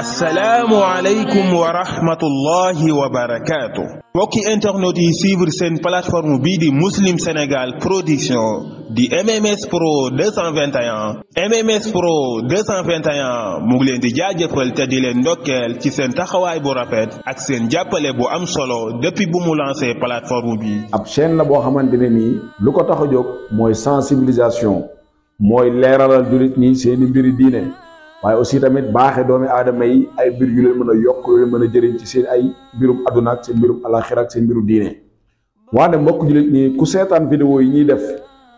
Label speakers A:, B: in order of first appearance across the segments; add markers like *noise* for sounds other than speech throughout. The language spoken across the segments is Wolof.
A: assalaamu aleykum wa rahmatullahi wa barakaatu mbokki internet yi suivre seen plateforme bii di muslim sénégal production di mms pro 221 mms pro 221 mu ngi leen di jaajëfal te di leen ndokkeel ci seen taxawaay bu rafet ak seen jàppale bu am solo depuis bu mu lancé plateforme bi ab chaîne la boo xamante ne nii lu ko tax a jóg mooy
B: sensibilisation mooy leeralal julit ñi seeni mbiri diine waaye aussi tamit baaxe doomi aadama yi ay mbir yu leen mën a yokk yu leen mën a jëriñ ci seen ay mbirum adduna seen mbirum alaxira ak seen mbiru diine waane mbokk jullit nii ku seetaan vidéo yi ñuy def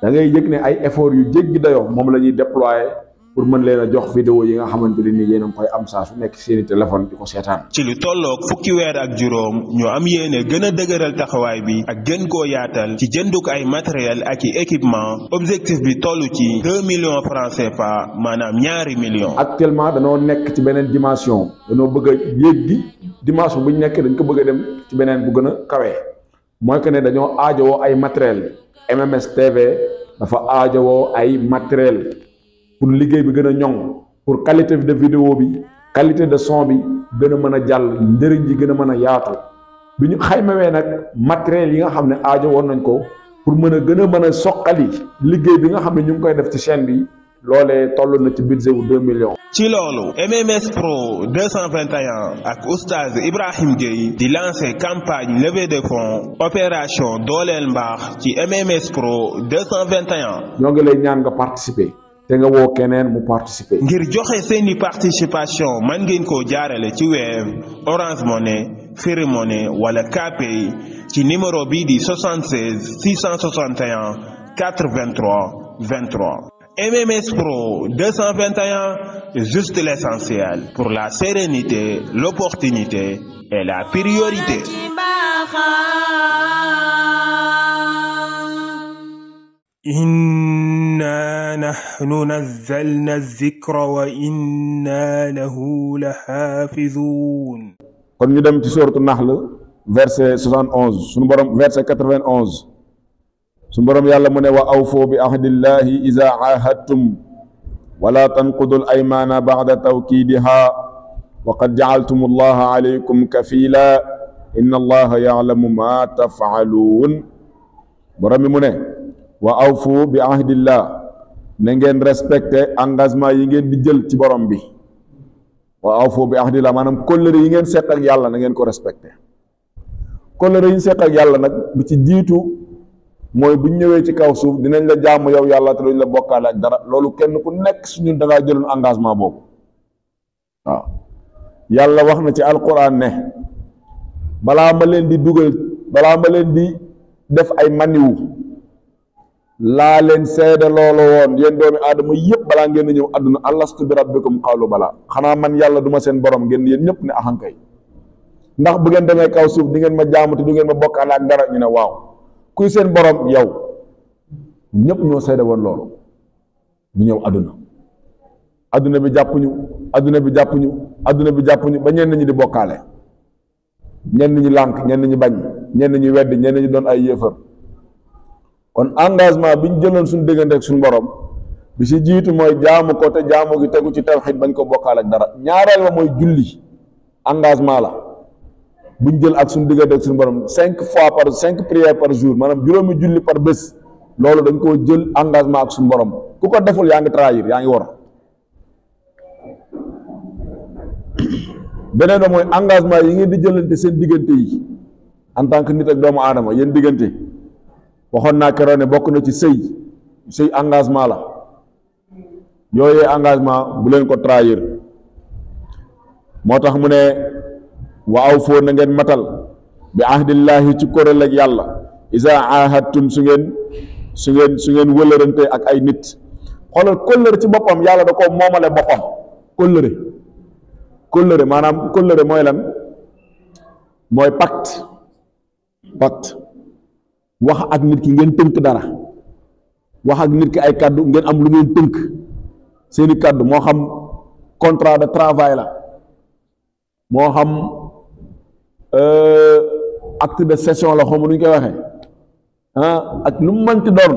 B: da ngay yëg ne ay effort yu jéggi dayo moom la ñuy déployer pour mën leen a jox vidéo yi nga xamante ne ni yéen koy am saa su nekk seeni téléphone bi ko seetaan.
A: ci lu tolloog fukki weer ak juróom ñu am yéene gën a dëgëral taxawaay bi ak gën koo yaatal ci jënduk ay matériel ak i équipement objectif bi toll ci deux millions francs CFA maanaam ñaari millions. actuellement danoo nekk
B: ci beneen dimension danoo bëgg a yéeg gi dimension bu ñu nekk dañ ko bëgg a dem ci beneen bu gën a kawee mooy que ne dañoo aajowoo ay matériel MMS TV dafa aajowoo ay matériel pour liggéey bi gën a ñoŋ pour qualité de vidéo bi qualité de son bi gën a mën a jàll njëriñ yi gën a mën a yaatu bi ñu xaymawee nag matériel yi nga xam ne aajo woon nañ ko pour mën a gën a mën a soqali liggéey bi nga xam ne ñu ngi koy def ci chaîne bi loole toll na ci budget wu 2 millions.
A: ci loolu MMS Pro 221 ak oustaz Ibrahim Gueye di lancer campagne levée de fonds opération dooleel mbaax ci MMS Pro 221. ñoo ngi lay ñaan nga participer. te nga mu participer. ngir participation man ngeen ko jaarale ci Orange Money Free Money wala Kpay ci numéro bi di 76 661 83 23. MMS Pro 221 juste l'essentiel pour la sérénité l'opportunité et la priorité. انا نحن نزلنا الذكر وانا له لحافظون
B: kon ñu dem ci sourate nahl verset 71 suñu borom verset 91 suñu borom yàlla mu ne wa awfu bi ahdillahi iza ahadtum ولا تنقضوا الايمان بعد توكيدها وقد جعلتم الله عليكم كفيلا ان الله يعلم ما تفعلون borom mi mu ne wa awfu bi ahdillah na ngeen respecté engagement yi ngeen di jël ci borom bi wa awfu bi ahdillah maanaam kóllëre yi ngeen seq ak yàlla na ngeen ko respecté kóllëre yi ñu seq ak yàlla nag bu ci jiitu mooy bu ñëwee ci kaw suuf dinañ la jàmm yow yàlla te la bokkaale ak dara loolu kenn ku nekk ñu dangaa jëloon engagement boobu waaw yàlla wax na ci alquran ne balaa ma leen di dugal balaa ma leen di def ay maniwu laa leen seede loolu woon yéen doomi aadama yëpp balaa ngeen a ñëw àdduna alastu bi rabbikum qaalu balaa xanaa man yàlla duma seen borom ngeen yéen ñëpp ne axankay ndax bu ngeen demee kaw suuf di ngeen ma jaamu te du ngeen ma bokkaale ak dara ñu ne waaw kuy seen borom yow ñëpp ñoo seede woon loolu ñu ñëw àdduna àdduna bi jàppuñu ñu àdduna bi jàppuñu àdduna bi jàpp ba ñenn nañu di bokkaale ñenn ñi lànk ñenn ñi bañ ñenn ñi wedd ñenn ñi doon ay yéefar kon engagement bi ñu jëloon suñu diggante ak suñu borom bi si jiitu mooy jaamu ko te jaamu gi tegu ci tawxid bañ ko bokkaal ak dara ñaareel ba mooy julli engagement la bu ñu jël ak suñu diggante ak suñu borom cinq fois par cinq prières par jour maanaam juróomi julli par bés loolu dañ koo jël engagement ak suñu borom ku ko deful yaa ngi trahir yaa ngi wor *coughs* beneen ba mooy engagement yi ngeen di jëlante seen diggante yi en tant que nit ak doomu aadama yéen diggante. waxoon naa keroog ne bokk na ci sëy sëy engagement la yooyee engagement bu leen ko trahir moo tax mu ne wa aw foo na ngeen matal bi ahdillaahi ci kuréel ak yàlla isa ahadtum su ngeen su ngeen su ngeen wëlërante ak ay nit xoolal kóllëre ci boppam yàlla da koo moomale boppam kóllëre kóllëre maanaam kóllëre mooy lan mooy pacte wax ak nit ki ngeen teunk dara wax ak nit ki ay cadeau ngeen am lu ngeen teunk seeni cadeau mo xam contrat de travail la mo xam euh acte de session la xom nu ñu koy waxee ah ak lu mu mënti doon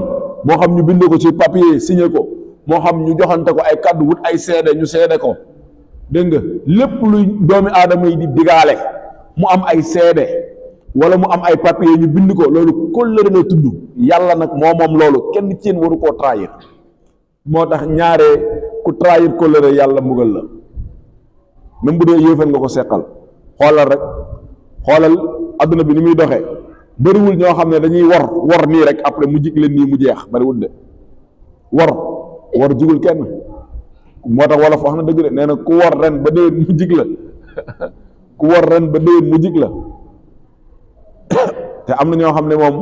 B: mo xam ñu bindé ko ci papier signé ko mo xam ñu joxante ko ay cadeau wut ay cédé ñu cédé ko dégg nga lepp luy doomi adamay di digalé mu am ay cédé wala mu am ay papier ñu bind ko loolu kóllëre na tudd yàlla nag moo moom loolu kenn cin waru koo trahir moo tax ñaare ku trahir kóllëre yàlla mbugal la même bu dee nga ko seqal xoolal rek xoolal àdduna bi ni muy doxee bëriwul ñoo xam ne dañuy wor wor nii rek après mu jig leen nii mu jeex bëriwul de wor wor jigul kenn moo tax foo xam ne dëgg de nee nag ku wor ren ba déwén mu jig la *laughs* ku wor ren ba déwén mu jig la te am na ñoo xam ne moom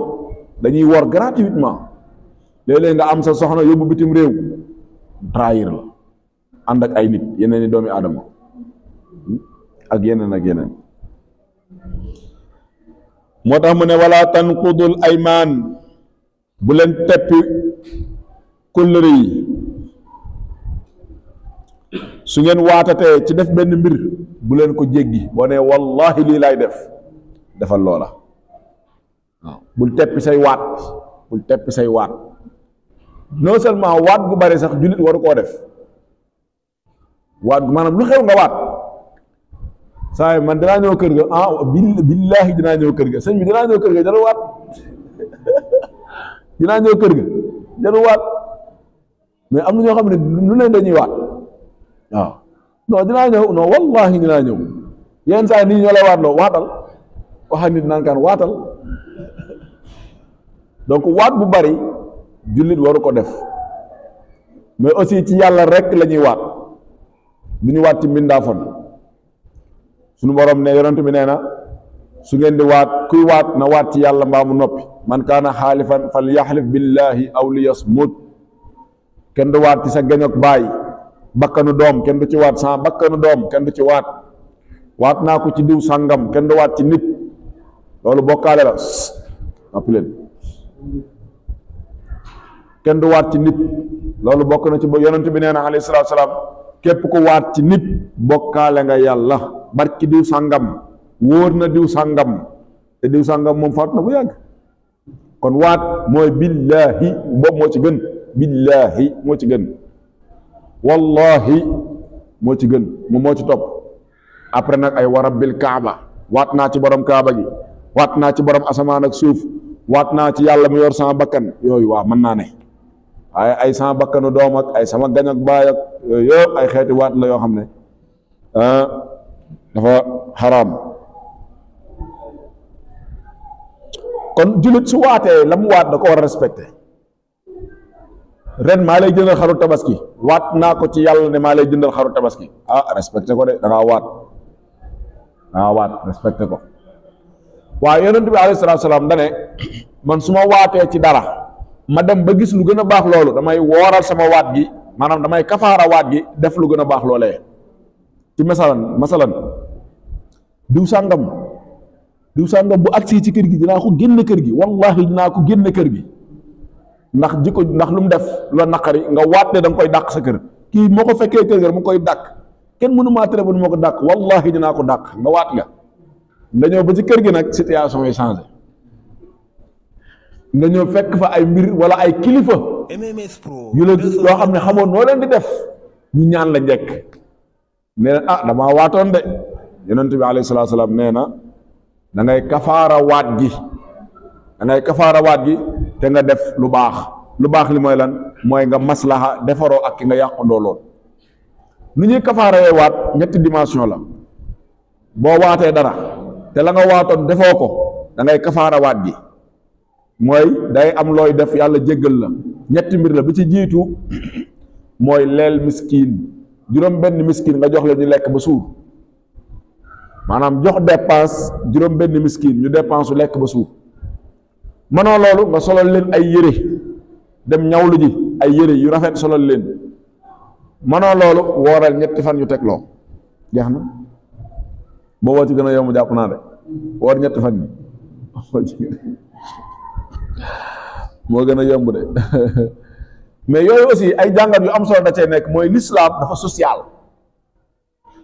B: dañuy wor gratuitement léeg nga am sa soxna yóbbu bitim réew trahir la ànd ak ay nit yeneen i doomi aadama ak yeneen ak yeneen moo tax mu ne wala ay maan bu leen teppi kóllëre yi su ngeen waatatee ci def benn mbir bu leen ko jéggi boo ne wallahi lii laay def defal loola bul teppi say waat bul teppi say waat non seulement waat bu bari sax jullit waru koo def waat maanaam lu xew nga waat saa man dinaa ñëw kër ga ah billaahi dinaa ñëw kër ga sëñ bi dinaa ñëw kër ga jarul *laughs* ñëw kër ga jarul waat mais am na ñoo xam ne lu leen dañuy waat waaw non dinaa ñëw non wallahi dinaa ñëw yenn saa nit ñoo lay waatloo waatal waxaat naan kaan waatal donc waat bu bari julit waru ko def mais aussi ci yalla rek lañuy wat niñu wat ci suñu borom ne yonent bi neena na su ngeen di waat kuy wat na wat ci yalla mbaa mu man kana xaalifan fal yahlif billahi aw li yasmut kenn du waat ci sa gagnok bay bakkanu dom ken do ci wat sa bakkanu dom ken do ci waat wat naa ko ci diw sangam ken do waat ci nit lolou bokale la kenn du wat ci nit lolou bokk na ci ba yonent bi neena na alayhi salaatu salaam kep ku wat ci nit bokkaale nga yalla barki diw sangam wóor na diw sàngam te diw sangam mom fatna bu yag kon wat moy billahi boobu mo ci gën billahi mo ci gën wallahi mo ci gën mo mo ci top après nak ay warabil kaaba wat na ci borom kaaba gi wat na ci borom asaman ak suuf waat naa ci yàlla mu yor sama bakkan yooyu waa mën naa ne waaye ay sama bakkanu doom ak ay sama gañ ak baay ak yooyu ay xeeti waat la yoo xam ne ah, dafa xaraam kon jullit su waatee la mu waat da ko war a respecté ren maa lay jëndal xaru tabaski waat naa ko ci yàlla ne maa lay jëndal xaru tabaski ah respecté ko de da waat
A: da waat respecté ko
B: waaye yonent bi alayhi salaatu salaam dane man suma waté ci dara ma dem ba gis lu gëna bax lolu damay woral sama wat gi manam damay kafara wat gi def lu gëna bax lolé ci masalan masalan diw sangam diw sangam bu aksi ci kër gi dina ko genn kër gi wallahi dina ko genn kër gi ndax jikko ndax lu mu def lo nakari nga waté dang koy dak sa kër ki moko ko kër ga mu koy dak ken mënu maa tere ba wallahi dina ko dak nga wat nga nga ba ci kër gi nak situation yi changé nga ñëw fekk fa ay mbir wala ay kilifa yu la yoo xam xamoon noo leen di def ñu ñaan la jek nee ah dama waatoon de yonent bi alayhi salatu salaam nee da ngay kafara waat gi da ngay kafara waat gi te nga def lu bax lu bax li moy lan moy nga maslaha defaro ak ki nga yàqandoo lool nu ñuy kafaaree waat ñetti dimension la bo waatee dara te la nga waatoon defoo ko da ngay kafaara gi mooy day am looy def yàlla jéggal la ñetti mbir la bi ci jiitu *coughs* mooy leel miskin juróom benn miskin nga jox leen ñu lekk ba suur maanaam jox dépense juróom benn miskin ñu dépense su lekk ba suur mënoo loolu nga solal leen ay yére dem ñawluji ay yére yu rafet solal leen mënoo loolu wooral ñetti fan yu tegloo jeex na boo woo ci gën a yomb jàpp naa de woor ñetti fan yi moo gën a yomb de mais yooyu aussi ay jàngat yu am solo da cee nekk mooy l'islam dafa social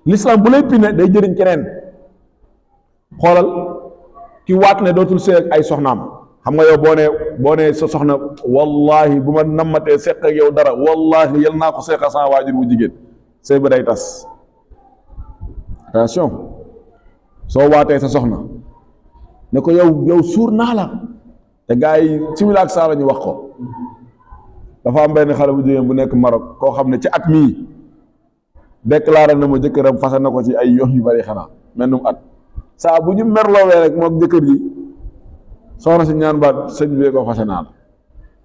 B: l'islam bu lay pine day jëriñ keneen xoolal ki waat ne dootul sëy ay soxnaam xam nga yow boo nee boo nee sa soxna wallahi bu ma nammatee seq ak yow dara wallahi yal naa ko seqa sans waajur bu jigéen sëy ba day tas attention soo waatee sa soxna ne ko yow yow suur naa la te gaa yi simila ak saa la ñu wax ko dafa am benn xale bu jigéen bu nekk Maroc koo xam ne ci at mii déclaré na ma jëkkëram fase na ko ci ay yoon yu bari xanaa mel num at saa bu ñu merloowee rek moo jëkkër yi soxna si ñaan baat sëñ bi ko fase naa la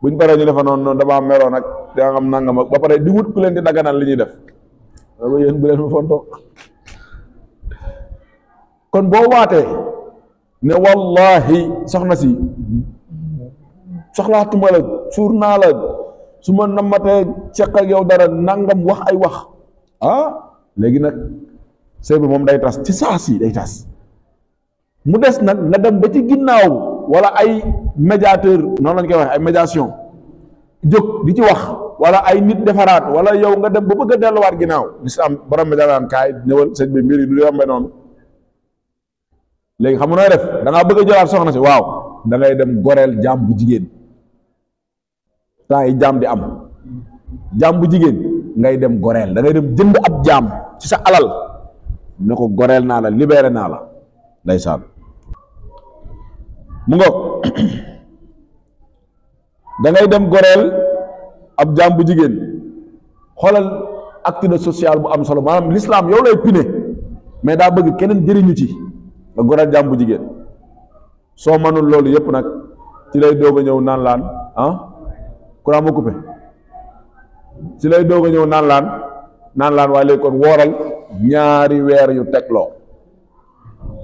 B: buñ paree ñu defa noonu dama am meroo nag danga am nangam ak ba pare di wut leen di daganal li ñuy def loolu yéen bu leen ma fontoo kon boo waatee ne wallahi soxna si soxlaatuma la suur naa su ma nammatee ceq ak yow dara nangam wax ay wax ah léegi nag sëy moom day tas ci saa si day tas mu des nag nga dem ba ci ginnaaw wala ay médiateur noonu lañ koy waxee ay médiation jóg di ci wax wala ay nit defaraat wala yow nga dem ba bëgg a delluwaat ginnaaw lislaam borom bi danaan kaay ñëwal sëñ bi mbir yi du yombee noonu léegi xam nga nooy def da bëgg a jëlaat soxna si waaw da dem goreel jaam bu jigéen temps yi jaam di am jaam bu jigéen ngay dem goreel da dem jënd ab jaam ci sa alal ne ko goreel naa la libéré naa la ndeysaan mu ngoog *clears throat* dangay dem goreel ab jaam bu jigéen xoolal acte social bu am solo maanaam lislaam yow lay pine mais daa bëgg keneen jëriñu ci nga goreel jaam bu jigéen soo mënul loolu yëpp nag ci lay doog ñëw naan laan ah courant mu coupé ci lay doog ñëw naan laan naan laan waaye léegi kon wooral ñaari weer yu teg loo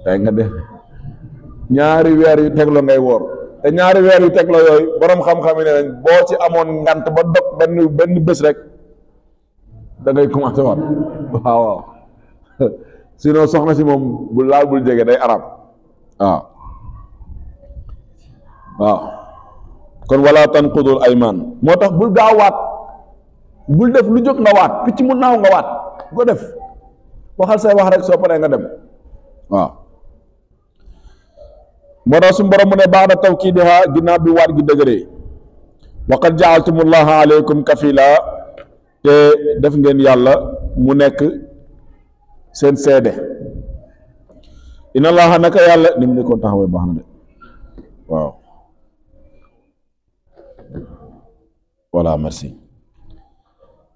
B: tey nga def ñaari weer yu tegloo ngay woor weer yu tegloo yooyu borom xam-xam yi ne nañ boo ci amoon ngant ba dog benn benn bés rek dangay ngay commencé waat *laughs* waaw waaw sinon soxna si moom bu laal bul jege day arab waaw ah. ah. waaw kon wala tanqudul ayman moo tax bul gaaw waat bul def lu jóg nga waat picc mu naaw nga waat ko def waxal say wax rek soo paree nga dem waaw ah. moo tax su borom mu ne baada tawkiidiha ginnaaw bi waat gi dëgëree waqad jaaltumullaha aleykum kafila te def ngeen yàlla mu nekk seen seede inna allaha naka yàlla ni mu nekkoon taxawee baax na de waaw voilà merci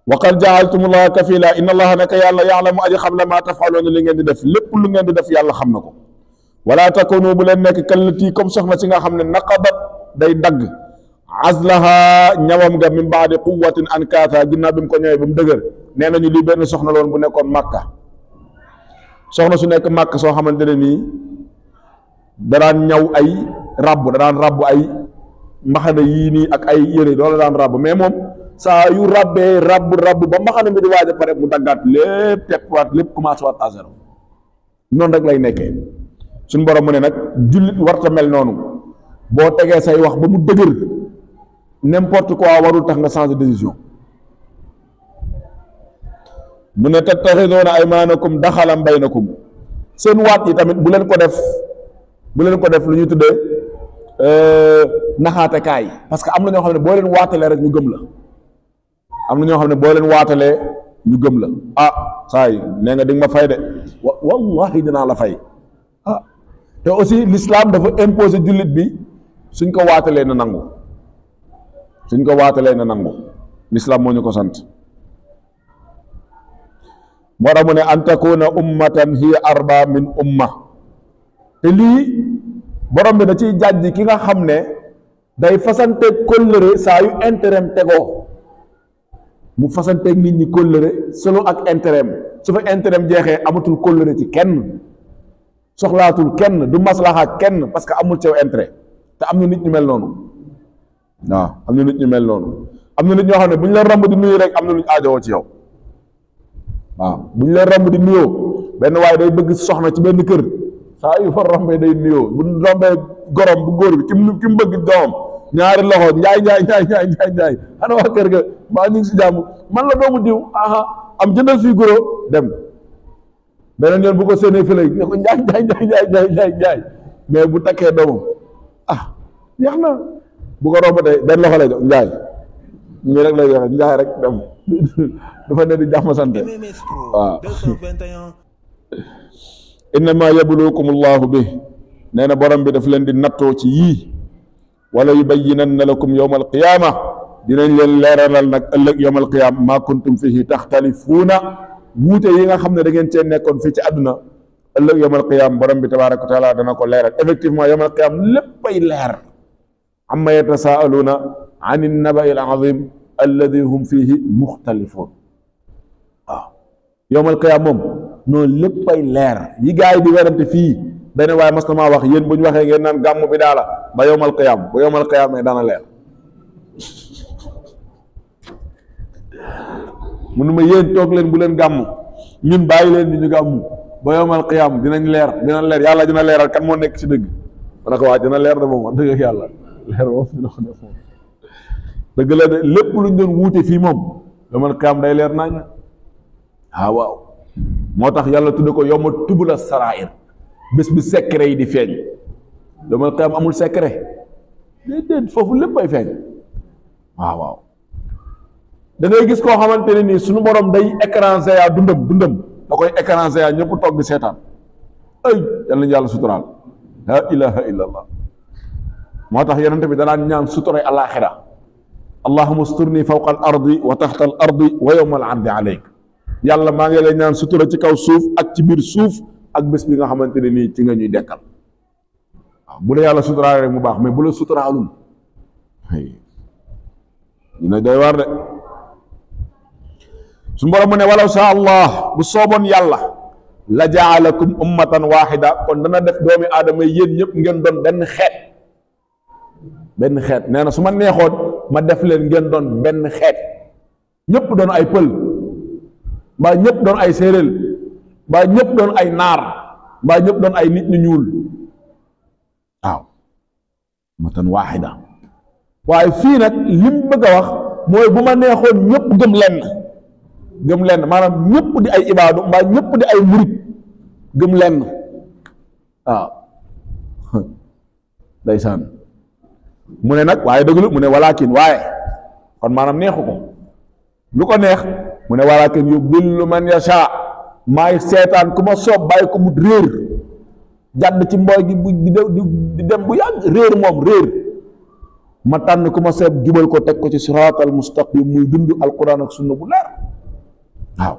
B: wa qad jaaltumullaha kafila inna allaha naka yàlla yaalamu aji xam la maa li ngeen def lépp lu ngeen def yàlla xam wala takunu bu leen nekk kallati comme soxna si nga xam ne day dagg azlaha ñawam nga min baadi quwatin an kaata ginnaaw bi mu ko ñëwee ba mu dëgër nee nañu lii soxna loon bu nekkoon màkka soxna su nekk màkk soo xamante ne nii danaan ñaw ay ràbb danaan ràbb ay mbaxana yii nii ak ay yére loolu daan ràbb mais moom saa yu ràbbee ràbb ràbb ba mbaxana mi di waaj pare mu daggaat lépp waat lépp commencé waat à zéro noonu rek lay nekkee suñu borom mu ne nag jullit warta mel noonu boo tegee say wax ba mu dëgër n'importe quoi warul tax nga changer décision mu ne tattaxidoona bay na baynakum seen waat yi tamit bu leen ko def bu leen ko def lu ñu tuddee euh, naxaate kaay parce que am na ñoo xam ne boo leen waatalee rek ñu gëm la am na ñoo xam ne boo leen waatalee ñu gëm la ah saay nee nga di nga ma fay de wa wallahi dinaa la fay ah te aussi lislaam dafa imposé jullit bi suñ ko waatalee na nangu suñ ko waatalee na nangu l'islam moo ñu ko sant moo tax mu ne an takuna ummatan hiya arba min umma te lii borom bi da ciy jàjj ki nga xam ne day fasanteeg kóllëre saa yu intérêt tegoo mu fasanteeg nit ñi kóllëre solo ak intérêt su fa intérêt jeexee amatul kóllëre ci kenn soxlaatul kenn du maslaxa kenn parce que amul cew intere te am na nit ñu mel noonu waaw am na nit ñu mel noonu am na nit ñoo xam ne bu ñu la romb di nuyu rek am na lu ñu ci yow waaw bu ñu la di nuyoo benn waaye day bëgg soxna ci benn kër saa yu fa rombee day nuyoo bu ñu rombee gorom bu góor bi ki mu bëgg doomam ñaari loxo njaay njaay njaay njaay njaay njaay ana waa kër ga maa ñu ngi si jàmm man la doomu diw aha am jëndal suy goro dem beneen yoon bu ko séenee fële ne ko njaay njaay njaay njaay njaay njaay mais bu takkee doomam ah yax na bu ko rombatee benn loxo lay jox njaay ñu rek lay rek dem
A: dafa
B: ne di jàmm sant waaw innama yabluukum allahu bi nee na borom bi daf leen di nattoo ci yii wala yubayyinanna lakum yowma alqiyaama dinañ leen leeralal nag ëllëg yowma alqiyaama maa kuntum fihi taxtalifuuna wuute yi nga xam ne da ngeen cee nekkoon fii ci àdduna ëllëg yowma alqiyaama borom bi tabaaraka wa taala dana ko leeral effectivement yowma alqiyaama léppay leer amma yatasaaluuna an innabai al azim alladi hum fihi muxtalifoon waaw yowmal qiyaam moom noonu ay leer yi gars yi di werante fii benn waaye mas na maa wax yéen bu ñu waxee ngeen naan gàmm bi daala ba yowmal qiyaam ba yowmal qiyaam dana leer mu toog leen bu leen gàmm ñun bàyyi leen ñu ñu gàmm ba yowmal qiyaam dinañ leer dina leer yàlla dina leeral kan moo nekk ci dëgg ma ne ko waa dina leer de moom wax dëgg yàlla leer moom dina ko def moom dëgg la de lépp lu ñu doon wuute fii moom yomal kaam day leer naa ah waaw moo tax yàlla tudde ko yowma tubula sarair bés bi secret yi di feeñ yomal kaam amul secret déedéet foofu lépp ay feeñ waaw ah, waaw da gis koo xamante ne nii suñu borom day écrasé yaa dundam dundam da koy écrasé yaa ñëpp toog bi seetaan ay yal nañu yàlla suturaal la ilaha illa moo tax yonent bi danaan ñaan sutura àllaaxira allahumma usturni fawqa al ardi wa tahta al ardi wa yawma al ardi alayk yalla ma ngi lay ñaan sutura ci kaw suuf ak ci bir suuf ak bes bi nga xamanteni ni ci nga ñuy dekkal bu la yalla sutura rek mu baax mais bu la suturaalul ñu ne day war de sun borom ne walaw sa allah bu sobon yalla la jaalakum ummatan wahida kon dana def doomi adamay yeen ñep ngeen doon ben xet ben xet neena suma su neexoon ma def leen ngeen doon benn xeet ñépp doon ay pël mbaa ñëpp doon ay séeréel mbaa ñëpp doon ay naar mbaa ñëpp doon ay nit ñu ñuul waaw matan waaxida waaye fii nag li mu bëgg a wax mooy bu ma neexoon ñëpp gëm lenn gëm lenn maanaam ñëpp di ay ibaadu mbaa ñépp di ay murit gëm lenn
A: waaw
B: *laughs* mu ne nag waaye dëglu mu ne walaakin waaye kon maanaam neexu ko lu ko neex mu ne walaakin yudillu man maa maay seetaan ku ma soob bàyyi ko mu réer jàdd ci mbooy gi bu di dem bu yàgg réer moom réer ma tànn ku ma soob jubal ko teg ko ci siraatal mustaqim muy dund alquran ak sunna bu leer waaw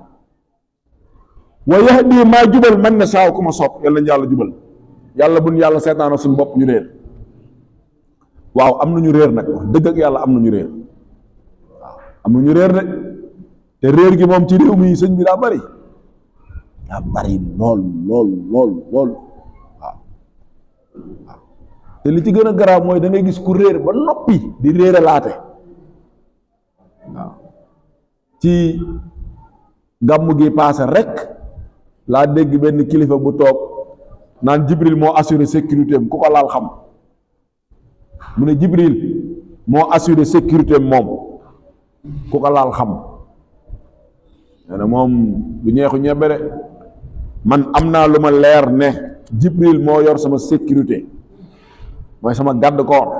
B: wa yahdi maa jubal man yasha ku ma soob yàlla ñu yàlla jubal yàlla buñ yàlla seetaana suñu bopp ñu réer waaw am na ñu réer nag wax dëgg yàlla am nañu réer waaw am ñu réer de te réer gi moom ci réew mi sëñ bi daa bari daa bari lool lool lool waaw te li ci gën a garaaw mooy da gis ku réer ba noppi di réer laate waaw ci gàmmu gi paase rek laa dégg benn kilifa bu toog naan Jibril moo assuré sécurité am ku ko laal xam mu ne Jibril moo assuré sécurité moom ku ko laal xam nee na moom du ñeexu ñebe de man am naa lu ma leer ne Jibril moo yor sama sécurité mooy sama garde corps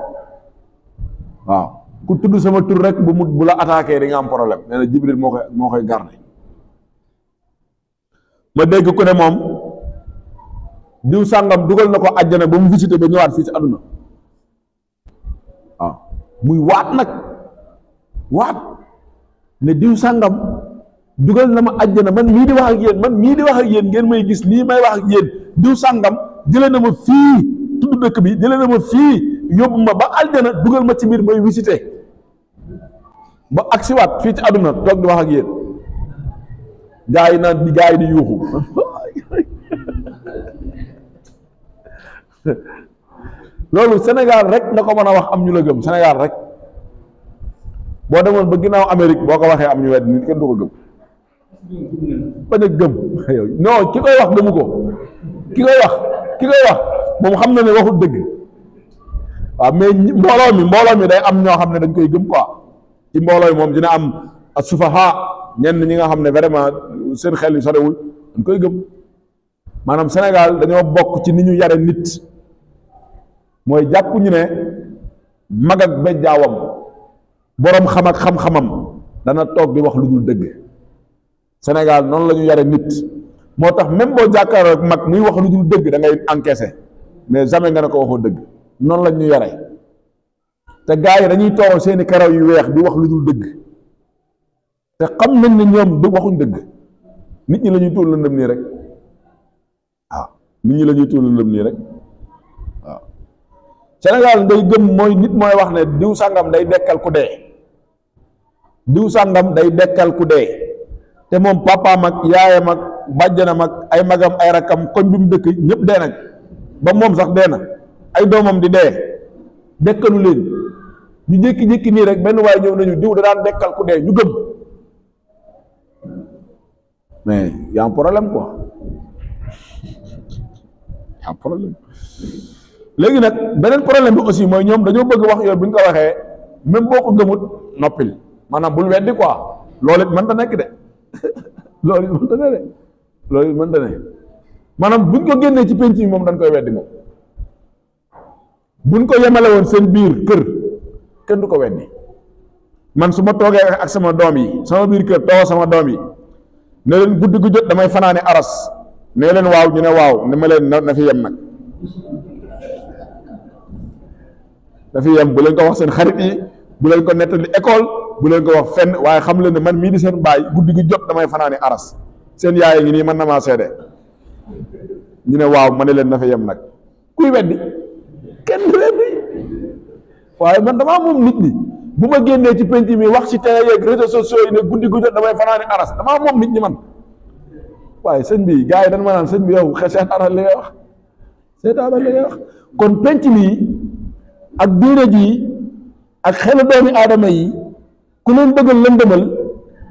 B: waaw ku tudd sama tur rek bu mu bu la attaqué di nga am problème nee na Jibril moo koy moo koy garde ma dégg ku ne moom diw sàngam dugal na ko àjjana ba mu visité ba ñëwaat fii ci àdduna muy waat nag waat ne diw sàngam dugal na ma àjjana man mii di wax ak yéen man mii di wax ak yéen ngeen may gis nii may wax ak yéen diw sàngam jëlee na ma fii tudd dëkk bi jëlee na ma fii yóbbu ma ba àjjana dugal ma ci biir may visité ba agsi waat fii ci àdduna toog di wax ak yéen gaa yi naan gaa yi di yuuxu *laughs* loolu Sénégal rek nga ko mën a wax am ñu la gëm Sénégal rek boo demoon ba ginnaaw Amérique boo ko waxee am ñu wet nit kenn du ko gëm ba ne gëm *laughs* ki koy wax gëmu ko ki koy wax ki koy wax xam na ne waxul dëgg waaw mais mbooloo mi mbooloo mi day am ñoo xam ne dañ koy gëm quoi ci mbooloo mi moom dina am sufaha ñenn ñi nga xam ne vraiment seen xel yi sorewul dañ koy gëm maanaam Sénégal dañoo bokk ci ni ñu yare nit mooy jàpp ne mag ak bejjaawam boroom xam ak xam-xamam dana toog di wax lu dul dëgg Sénégal noonu la ñu yare nit moo tax même boo jàkkaaroo rek mag muy wax lu dul dëgg da ngay encaissé mais jamais nga ne ko waxoo dëgg noonu la ñu yare te gaa yi dañuy toogal seeni karaw yu weex bi wax lu dul dëgg te xam nañ ne ñoom waxuñ dëgg nit ñi lañuy ñuy tuul lëndëm rek waaw ah, nit ñi la ñuy tuul lëndëm nii rek Sénégal day gëm mooy nit mooy wax ne diw sàngam day dekkal ku dee diw sàngam day dekkal ku dee te moom papaam ak yaayam ak bàjjanam ak ay magam ay rakam koñ bi mu dëkk ñépp dee nañ ba moom sax dee na ay doomam di dee dekkalu leen ñu jékki-jékki nii rek benn waaye ñëw nañu diw da daan dekkal ku dee ñu gëm mais y a un problème quoi léegi nag beneen problème bi aussi mooy ñoom dañoo bëgg wax yooyu bu ñu ko waxee même boo ko gëmut noppil maanaam bul weddi quoi loolu it mënta nekk de *laughs* loolu it mënta ne de loolu it maanaam buñ ko génnee ci penc yi moom dañ koy weddi moom buñ ko yemale woon seen biir kër kenn du ko weddi man su ma toogee ak sama doom yi sama biir kër toog sama doom yi ne leen guddi gu jot damay fanaane aras ne leen waaw ñu ne waaw ne ma leen na fi yem nag dafa yem bu leen ko wax seen xarit yi bu leen ko nettali école bu leen ko wax fenn waaye xam leen ne man mii di seen baay guddi gi jot damay fanaani aras seen yaay ngi nii man na maa ñu ne waaw ma ne leen na fa yem nag kuy weddi kenn du weddi waaye moom nit ñi bu ma génnee ci penc mi wax ci télé yeeg réseaux sociaux ne guddi gu jot damay aras damaa moom nit ñi man waaye sëñ bi gars yi dañ ma naan sëñ bi li ngay wax seetaaral li ngay wax kon penc mi. ak diine ji ak xelu doomi aadama yi ku leen bëgg lëndëmal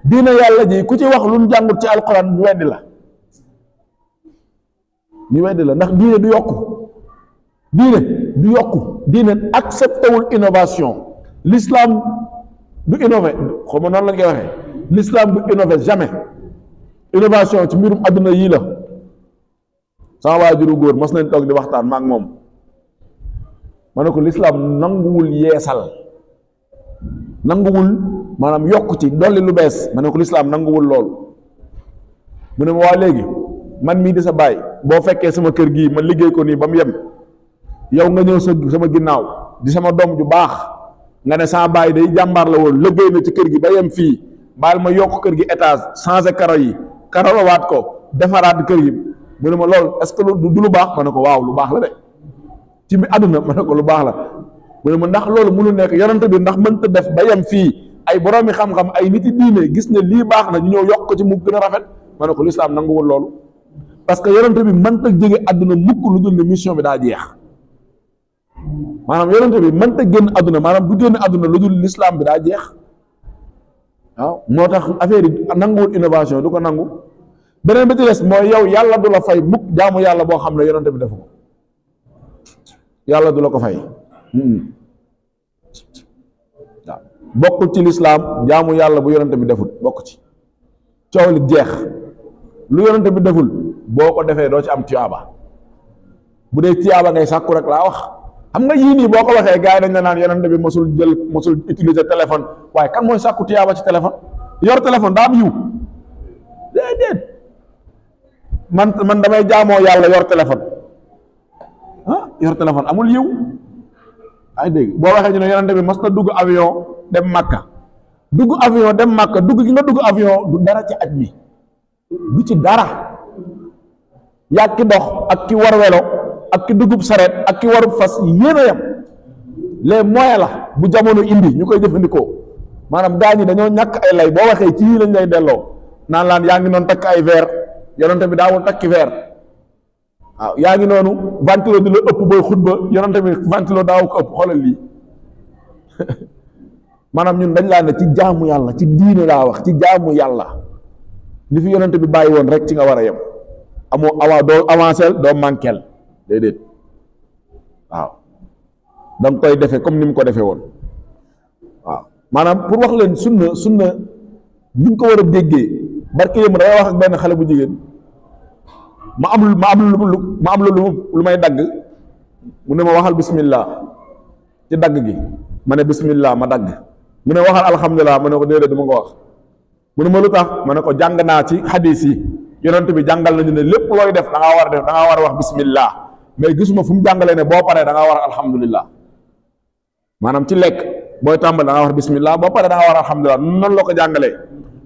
B: diine yàlla ji ku ci wax lu jàngut ci alxuraan ñu weddi la ñu weddi la ndax diine du yokk diine du yokku diine accepté wul innovation l'islam du innové xaw ma noonu lañ koy waxe l'islam du innové jamais innovation ci mbirum àdduna yii la sama waajuru góor mas nañ toog di waxtaan maak moom ma ne ko lislaam nanguwul yeesal nanguwul manam yokk ci dolli lu bees ma ko lislaam nanguwul ma man mi di sa baay boo sama kër gi ma liggéey ko ni bam yem yow nga ñëw sama ginnaw di sama dom ju baax nga ne sa bay day jambar la won liggéey na ci kër gi ba yem fi bal ma yok kër gi étage changé karo yi wat ko defaraat kër yi mune ma lol est-ce que du lu baax lu baax la de ci bi àdduna ma ne ko lu baax la mu ne ma ndax loolu mënu nekk yonent bi ndax mënta def ba yem fii ay boroomi xam-xam ay nit yi diine gis ne lii baax na ñu ñëw yokk ko ci mu gën a rafet ma ne ko lislaam nanguwul loolu parce que yonent bi mënta jóge àdduna mukk lu dul mission bi daa jeex maanaam yonent bi mënta génn àdduna maanaam du génn àdduna lu dul lislaam bi daa jeex waaw moo tax affaire yi nanguwul innovation du ko nangu beneen bi ci des mooy yow yàlla du la fay mukk jaamu yàlla boo xam ne yonent bi defu ko yàlla du la ko fay hmm. waaw bokkul ci lislaam jaamu yàlla bu yonente bi deful bokk ci coow li jeex lu yonente bi deful boo ko defee doo ci am tiyaaba bu dee tiyaaba ngay sàkku rek laa wax xam nga yii nii boo ko waxee gars yi dañ la naan yonente bi mosul jël mosul utiliser téléphone waaye kan mooy sàkku tiyaaba ci téléphone yor téléphone daa am yiw déedéet man man damay jaamoo yàlla yor téléphone yor téléphone amul yiw ay dégg bo waxee ñu ne bi masta dugg avion dem makka dugg avion dem makka dugg gi nga dugg avion du dara ci ajmi mi du ci dara ya ki dox ak ki war welo ak ki saret ak ki waru fas yam les moyens la bu jamono indi ñukoy koy Manam maanaam dañu ñak ay lay bo waxee ci yii lañ lay delloo nan lan yaangi non tak ay verre bi takki verre waaw ah, yaa ngi noonu ventilo di la ëpp booy xutba yonante bi ventilo daaw ko ëpp xoolal lii *laughs* maanaam ñun dañ laa ne ci jaamu yàlla ci diine laa wax ci jaamu yàlla li fi yonante bi bàyyi woon rek ci nga war a yem amoo awa doo avancel doo manquel déedéet waaw danga koy defe comme ni mu ko defee woon waaw maanaam pour wax leen sunna sunna ni ñu ko war a déggee barke yëpp dangay wax ak benn xale bu jigéen ma am ma am lu ma am lu lu may mu ne ma waxal bismillah ci dagg gi ma bismillah ma dag. mu ne waxal alhamdulilah ma ne ko déedéet du ma ko wax mu ne ma lu tax ko ci hadis yi yonent bi jàngal nañu ne def da war def da ngaa war wax bismillah mais gisuma fu mu jàngalee ne boo Alhamdulillah. da ngaa war a alhamdulilah maanaam ci da war bismillah boo paree da Alhamdulillah war alhamdulilah noonu la ko jàngalee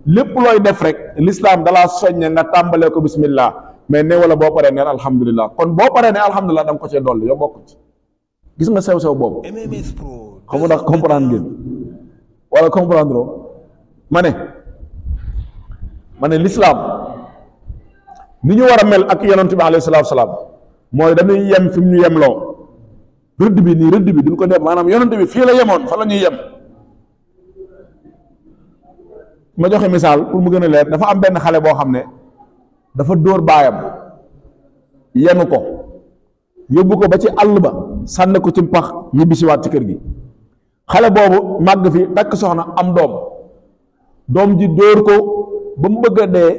B: lépp looy def rek l'islam da laa soññe nga ko bismillah mais ne wala boo paree neen alhamdulilah kon boo paree ne alhamdulilah da nga ko cee dolli yow bokk gis nga sew sew boobu xam nga ndax comprendre ngeen wala comprendre ma ne ma ne lislaam ni ñu war a mel ak yonent bi alayhi salaatu salaam mooy dañuy yem fi mu ñu yem loo rëdd bi nii rëdd bi duñ ko def maanaam yonent bi fii la yemoon fa la ñuy yem ma joxe misaal pour mu gën a leer dafa am benn xale boo xam ne. dafa dóor baayam yenu ko yóbbu ko ba ci àll ba sànni ko ci mpax ñibbisiwaat ci kër gi xale boobu màgg fi takk soxna am doom doom ji dóor ko ba mu bëgg a dee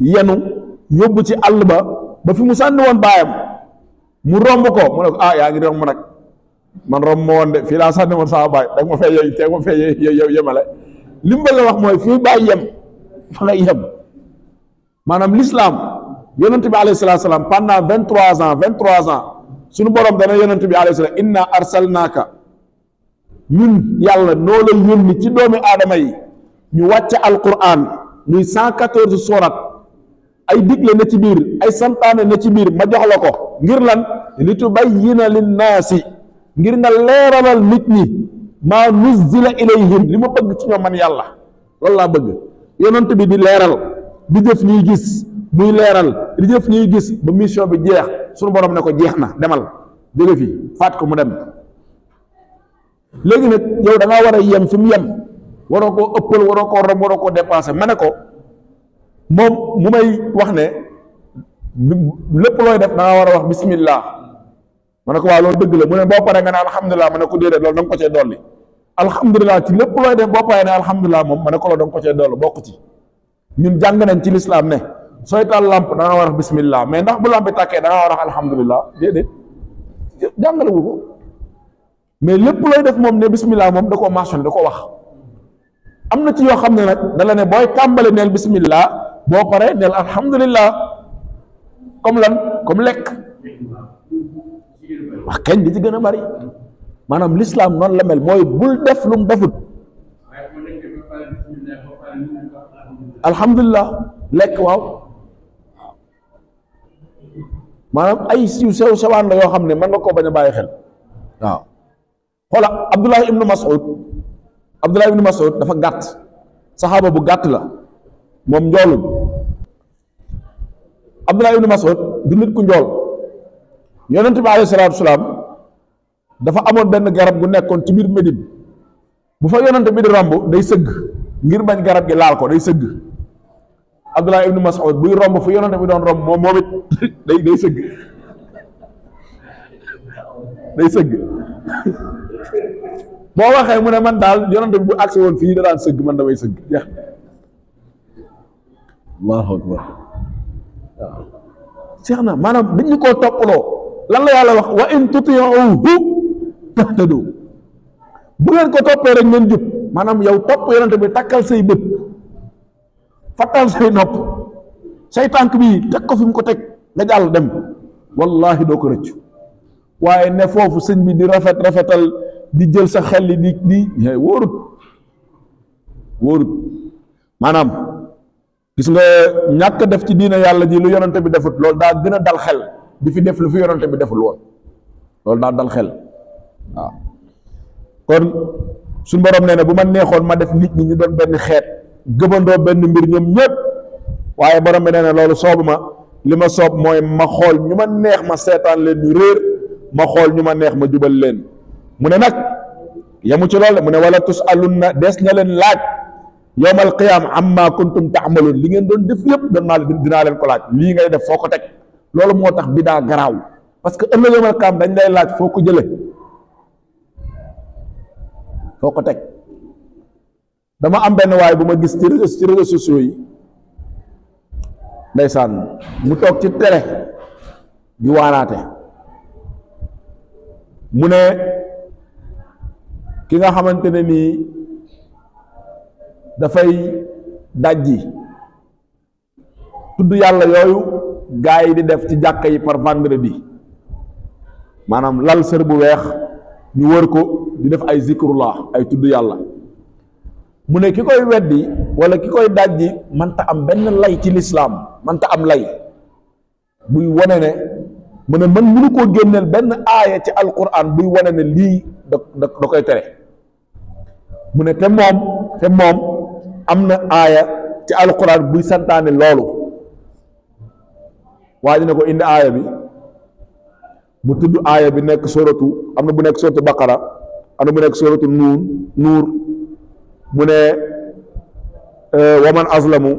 B: yenu yóbbu ci àll ba ba fi mu sànni woon baayam mu romb ko mu ne ko ah yaa ngi romb nag man romb ma woon de fii laa sànni woon sama baay dag ma fay yey teg ma yemale li mu bëgg a wax mooy fii baay yem fa nga yem maanaam lislaam yonent bi alayhi salatu salaam pendant vingt trois ans vingt trois ans suñu borom dana yonent bi alayhi salaam inna arsalnaaka ñun yàlla noo la yónni ci doomi aadama yi ñu wàcce alquran muy cent quatorze sorat ay digle na ci biir ay santaane na ci biir ma jox la ko ngir lan li tubayyina linnaasi ngir nga leeralal nit ñi maa nuzzila ilayhim li ma bëgg ci ñoom man yàlla loolu laa bëgg yonent bi di leeral di def ñuy gis muy leral di def ñuy gis ba mission bi jeex suñu borom ne ko jeex na demal jóge fi fat ko mu dem legi nak yow da nga wara yem fim yem waro ko eppal waro ko rom waro ko dépassé mané ko mom mu may wax ne lepp loy def da nga wara wax bismillah mané ko wa lo deug la mu ne bo paré nga na alhamdullah mané ko dédé loolu dang ko cee dolli alhamdullah ci lepp loy def bo paré ne alhamdulilah moom ko lo dang ko bokku ci ñun jang nañ ci nih. ne sooy taal lamp da nga war bismillah mais ndax bu lamp také da nga war alhamdullilah alhamdulillah jangal wu ko mais lepp loy def mom ne bismillah mom da ko mentionné da ko wax amna ci yo xamné ne da la ne boy tambalé neel bismillah bo paré neel alhamdulillah comme lan
A: comme lek wax kenn
B: di ci gëna bari manam l'islam non la mel moy bul def lu mu defut alhamdulilah lekk waaw maanaam ay yu sew sewaan la yoo xam ne mën nga koo bañ a bàyyi xel waaw xoola abdullah ibnu mas'ud abdullah ibnu mas'ud dafa gàtt saxaaba bu gàtt la moom njoolul abdullah ibnu mas'ud du nit ku njool yonent bi alayhi salaatu salaam dafa amoon benn garab gu nekkoon ci biir Médine bu fa yonent bi di ramb day sëgg ngir bañ garab gi laal ko day sëgg Abdullah ibnu Mas'ud buy romb fu yonante bi don romb moom moom day day seug day seug bo waxe mune man dal yonante bi bu agsi won fi da daan seug man damay seug jeex allahu akbar waaw manam biñ maanaam dañ ñu lan la yalla wax wa in tutiuhu tahtadu bu len ko toppee rek ngeen jub manam yow top yonante bi takal say bepp fattal say nopp say tànk bi teg ko fi mu ko teg nga jàll dem wallahi doo ko rëccu waaye ne foofu sëñ bi di rafet rafetal di jël sa xel yi di di wóorut wóorut maanaam gis nga ñàkk def ci diina yàlla ji lu yonante bi defut loolu daa gën a dal xel di fi def lu fi yonante bi deful woon loolu daa dal xel waaw kon suñ borom nee na bu ma neexoon ma def nit ñi ñu doon benn xeet gëmandoo benn mbir ñoom ñëpp waaye borom bi nee na loolu soobu ma li ma soob mooy ma xool ñu ma neex ma seetaan leen ñu réer ma xool ñu ma neex ma jubal leen mu ne nag yemu ci loolu mu ne wala tus alun na des na leen laaj yowmal qiyaam amma kuntum taamaloon li ngeen doon def yëpp doon naa dinaa leen ko laaj lii ngay def foo ko teg loolu moo tax bi daa garaaw parce que ëllëg yowmal qiyaam dañ lay laaj foo ko jële foo ko teg dama am benn waaye bu ma gis ci réseaux sociaux yi ndeysaan mu toog ci tere di waaraate mu ne ki nga xamante ne mii dafay dajji tudd yàlla yooyu gaa yi di def ci jàkka yi par bi maanaam lal ser bu weex ñu wër ko di def ay zikrullah ay tudd yàlla mu ne ki koy weddi wala ki koy dajji manta am benn lay ci lislaam manta am lay buy wone ne mu ne man mënu koo génneel benn aaya ci alquran buy wone ne lii da da da koy tere mu ne te moom te moom am na aaya ci alquran buy santaane loolu waa ji ne ko indi aaya bi bu tudd aaya bi nekk suratu am na bu nekk suratu baqara am na bu nekk suratu nuun nuur mu ne wa man azlamu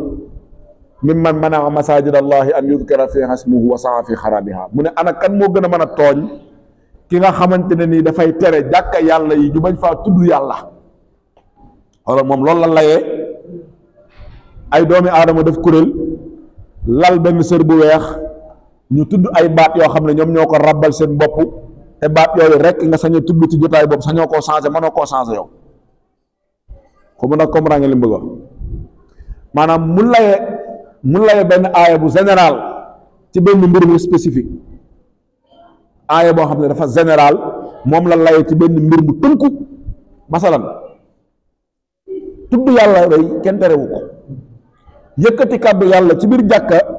B: mimman manaa masajid allahi an yudkara fi hasmuhu wa saa fi xarabiha mu ne ana kan moo gën a mën a tooñ ki nga xamante ne nii dafay tere jàkka yàlla yi ñu bañ faa tudd yàlla wala moom loolu la layee ay doomi aadama def kuréel lal benn sër bu weex ñu tudd ay baat yoo xam ne ñoom ñoo ko rabal seen bopp te baat yooyu rek nga sañ a tudd ci jotaay boobu sañoo koo changé mënoo koo changé yow xuma nag comprendre nga li mu bëgg wax maanaam mu laye mu bu general ci ben mbir mu specific aya bo xamne dafa general mom la laye ci ben mbir mu tunku masalan tuddu yalla rey ken tere wuko yekati kaddu yalla ci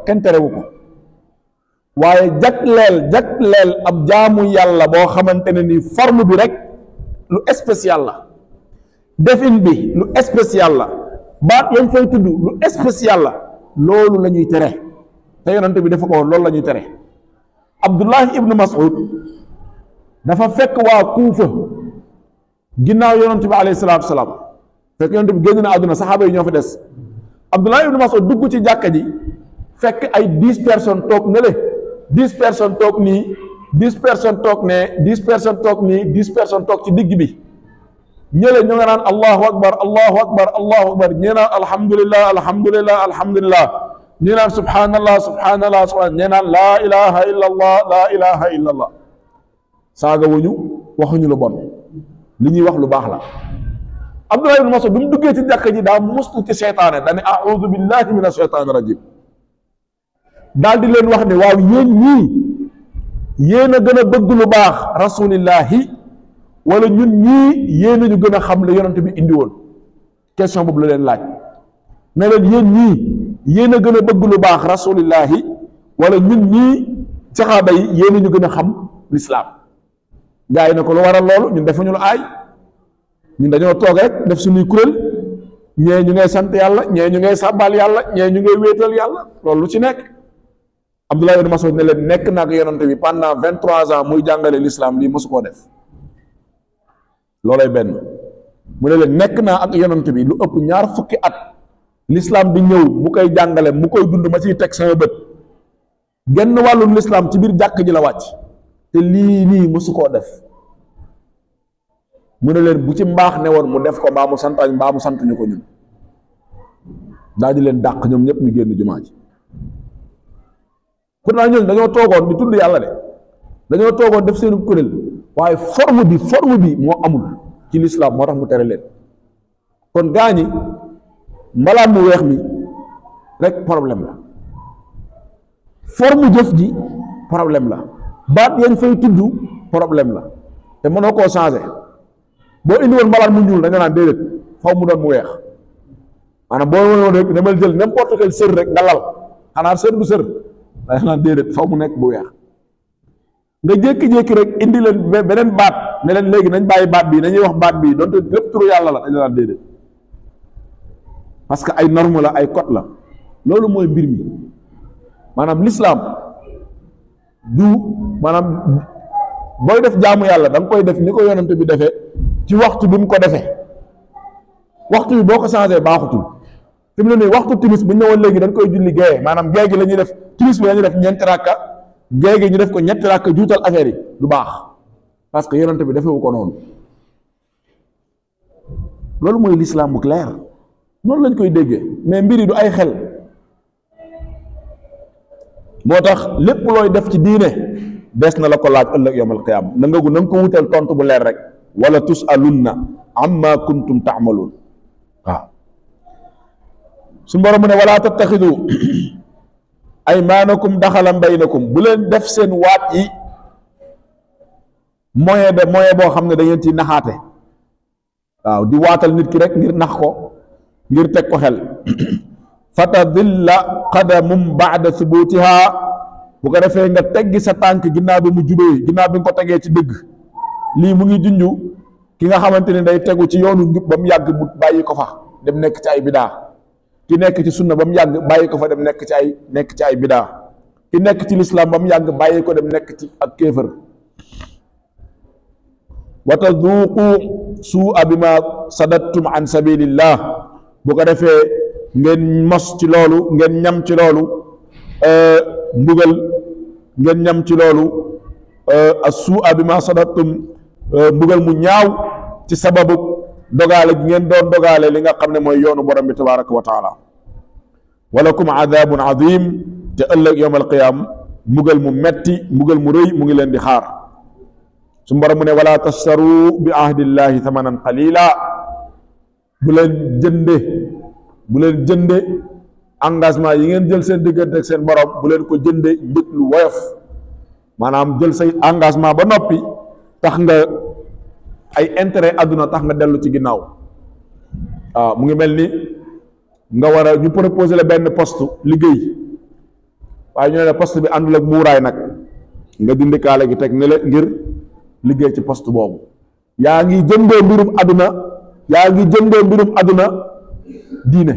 B: ken tere wuko waye jak lel jak lel ab jaamu yalla bo xamante ni forme bi rek lu special la defin bi lu spécial la baat yañ fay tudd lu spécial la loolu la ñuy tere te yonante bi dafa ko loolu la ñuy tere abdullahi ibnu mas'ud dafa fekk waa kuufa ginnaaw yonante bi alayhi salaatu salaam fekk yonante bi génn na àdduna saxaaba yi ñoo fa des abdullahi ibnu mas'ud dugg ci jàkka ji fekk ay dix personnes toog ne le dix personnes toog nii dix personnes toog ne dix personnes toog nii dix personnes toog ci digg bi ñële ñu nga naan allahu akbar allahu akbar allahu akbar ñii naan alhamdulillah alhamdulillah alhamdulillah ñii naan subhanallah subhanallah subhanallah ñii naan la ilaha illa allah laa ilaha illa allah saaga wuñu waxuñu lu bon li ñuy wax lu baax la abdullah ibn masud bi mu duggee ci jàkk ji da muslu ci shaytané dañ a'udhu billahi minash asheytaani rajim dal di leen wax ni waaw yéen ñi yeena gëna bëgg lu baax rasulillahi wala ñun ñii yéen ñu gën a xam la yonent bi indiwoon question boobu la leen laaj ne leen yéen ñii yéen a gën a bëgg lu baax rasulillahi wala ñun ñii saxaaba yi yéen ñu gën a xam lislaam gaa yi ne ko lu waral loolu ñun defuñu lu aay ñun dañoo toog rek def suñuy kuréel ñee ñu ngay sant yàlla ñee ñu ngay sàbbaal yàlla ñee ñu ngay wéetal yàlla loolu lu ci nekk Abdullah ibn Mas'ud leen nekk naa ko yonante bi pandant vingt trois ans muy jàngale lislaam lii mosu koo def loolay benn mu ne leen nekk naa ak yonant bi lu ëpp ñaar fukki at lislaam bi ñëw mu koy jàngale mu koy dund ma ciy teg sama bët genn wàllu lislaam ci biir jàkk ji la wàcc te lii nii mësu koo def mu ne leen bu ci mbaax ne woon mu def ko mbaa mu santañ mbaa mu sant ñu ko ñun daa leen dàq ñoom ñëpp ñu génn jumaa ji pourtant ñooñu dañoo toogoon di tudd yàlla de dañoo toogoon def seenu kuréel waaye forme bi forme bi moo amul ci lislaam moo tax mu tere leen kon gaa gaañi mbalaan mu weex mi rek problème la forme jëf ji problème la baat yañ fay tudd problème la te mënoo koo changé boo indi woon mbalaan mu ñuul dañu naan déedéet faw mu doon mu weex maanaam boo woon rek demal jël n'importe quel sër rek nga lal xanaa sër du sër dañu naan déedéet faw mu nekk bu weex nga jékki-jékki rek indi leen beneen baat ne leen léegi nañ bàyyi baat bi nañuy wax baat bi donte lépp turu yàlla la dañ la daan déedéet parce que ay norme la ay cote la loolu mooy mbir mi maanaam lislaam du maanaam booy def jaamu yàlla danga koy def ni ko yonent bi defe ci waxtu bi mu ko defee waxtu bi boo ko changé baaxutul fi mu ne nii waxtu timis bu ñu ne woon léegi dañ koy julli géeye maanaam géej gi la ñuy def timis bi la def ñeenti rakka géegee ñu def ko ñett rak juutal affaire yi du bax parce que yonent bi wu ko non lolou moy l'islam bu clair non lañ koy déggee mais mbiri du ay xel motax lepp loy def ci diine des na la ko laaj ëlëk yowmal qiyam na nga gu nang ko wutal tontu bu leer rek wala tusalunna amma kuntum ta'malun Ah, sun borom ne wala tattakhidu ay aymaanakum daxalan baynakum bu leen def seen waat yi moyen be moyen boo xam ne da ngeen ci naxaate waaw di waatal nit ki rek ngir nax ko ngir teg ko xel *clears throat* fatadilla qadamum baada subutiha bu ko defee nga teggi sa tànk ginnaaw bi mu jubee ginnaaw bi nga ko tegee ci dëgg lii mu ngi junju ki nga xamante ni day tegu ci yoonu njub ba mu yàgg mu bàyyi ko fa dem nekk ci ay bidaa ki nekk ci sunna ba mu yàgg bàyyi ko fa dem nekk ci ay nekk ci ay bidaa ki nekk ci lislaam ba mu yàgg bàyyi ko dem nekk ci ak kéefër wa taduuqu suua bi ma sadattum an sabilillah bu ko defee ngeen mos ci loolu ngeen ñam ci loolu euh, mbugal ngeen ñam ci loolu euh, as suua bi ma sadattum euh, mbugal mu ñaaw ci sababu dogale gi ngeen doon dogaale li nga xam ne mooy yoonu borom bi tabaraka wa taala walakum adabun azim te ëllëg yowm alqiyaam mbugal mu metti mbugal mu rëy mu ngi leen di xaar su borom mu ne wala tashtaru bi ahdillahi thamanan qalila bu leen jënde bu leen jënde engagement yi ngeen jël seen diggante ak seen borom bu leen ko jënde njëg lu woyof maanaam jël say engagement ba noppi tax ay intérêt àdduna tax nga dellu ci ginnaaw waaw ah, mu ngi mel ni nga war a ñu proposé la benn poste liggéey waaye ñu ne la poste bi àndul ak muuraay nag nga dindi kaala gi teg ne la ngir liggéey ci poste boobu yaa ngi jëndee mbirum àdduna yaa ngi jëndee mbirum àdduna diine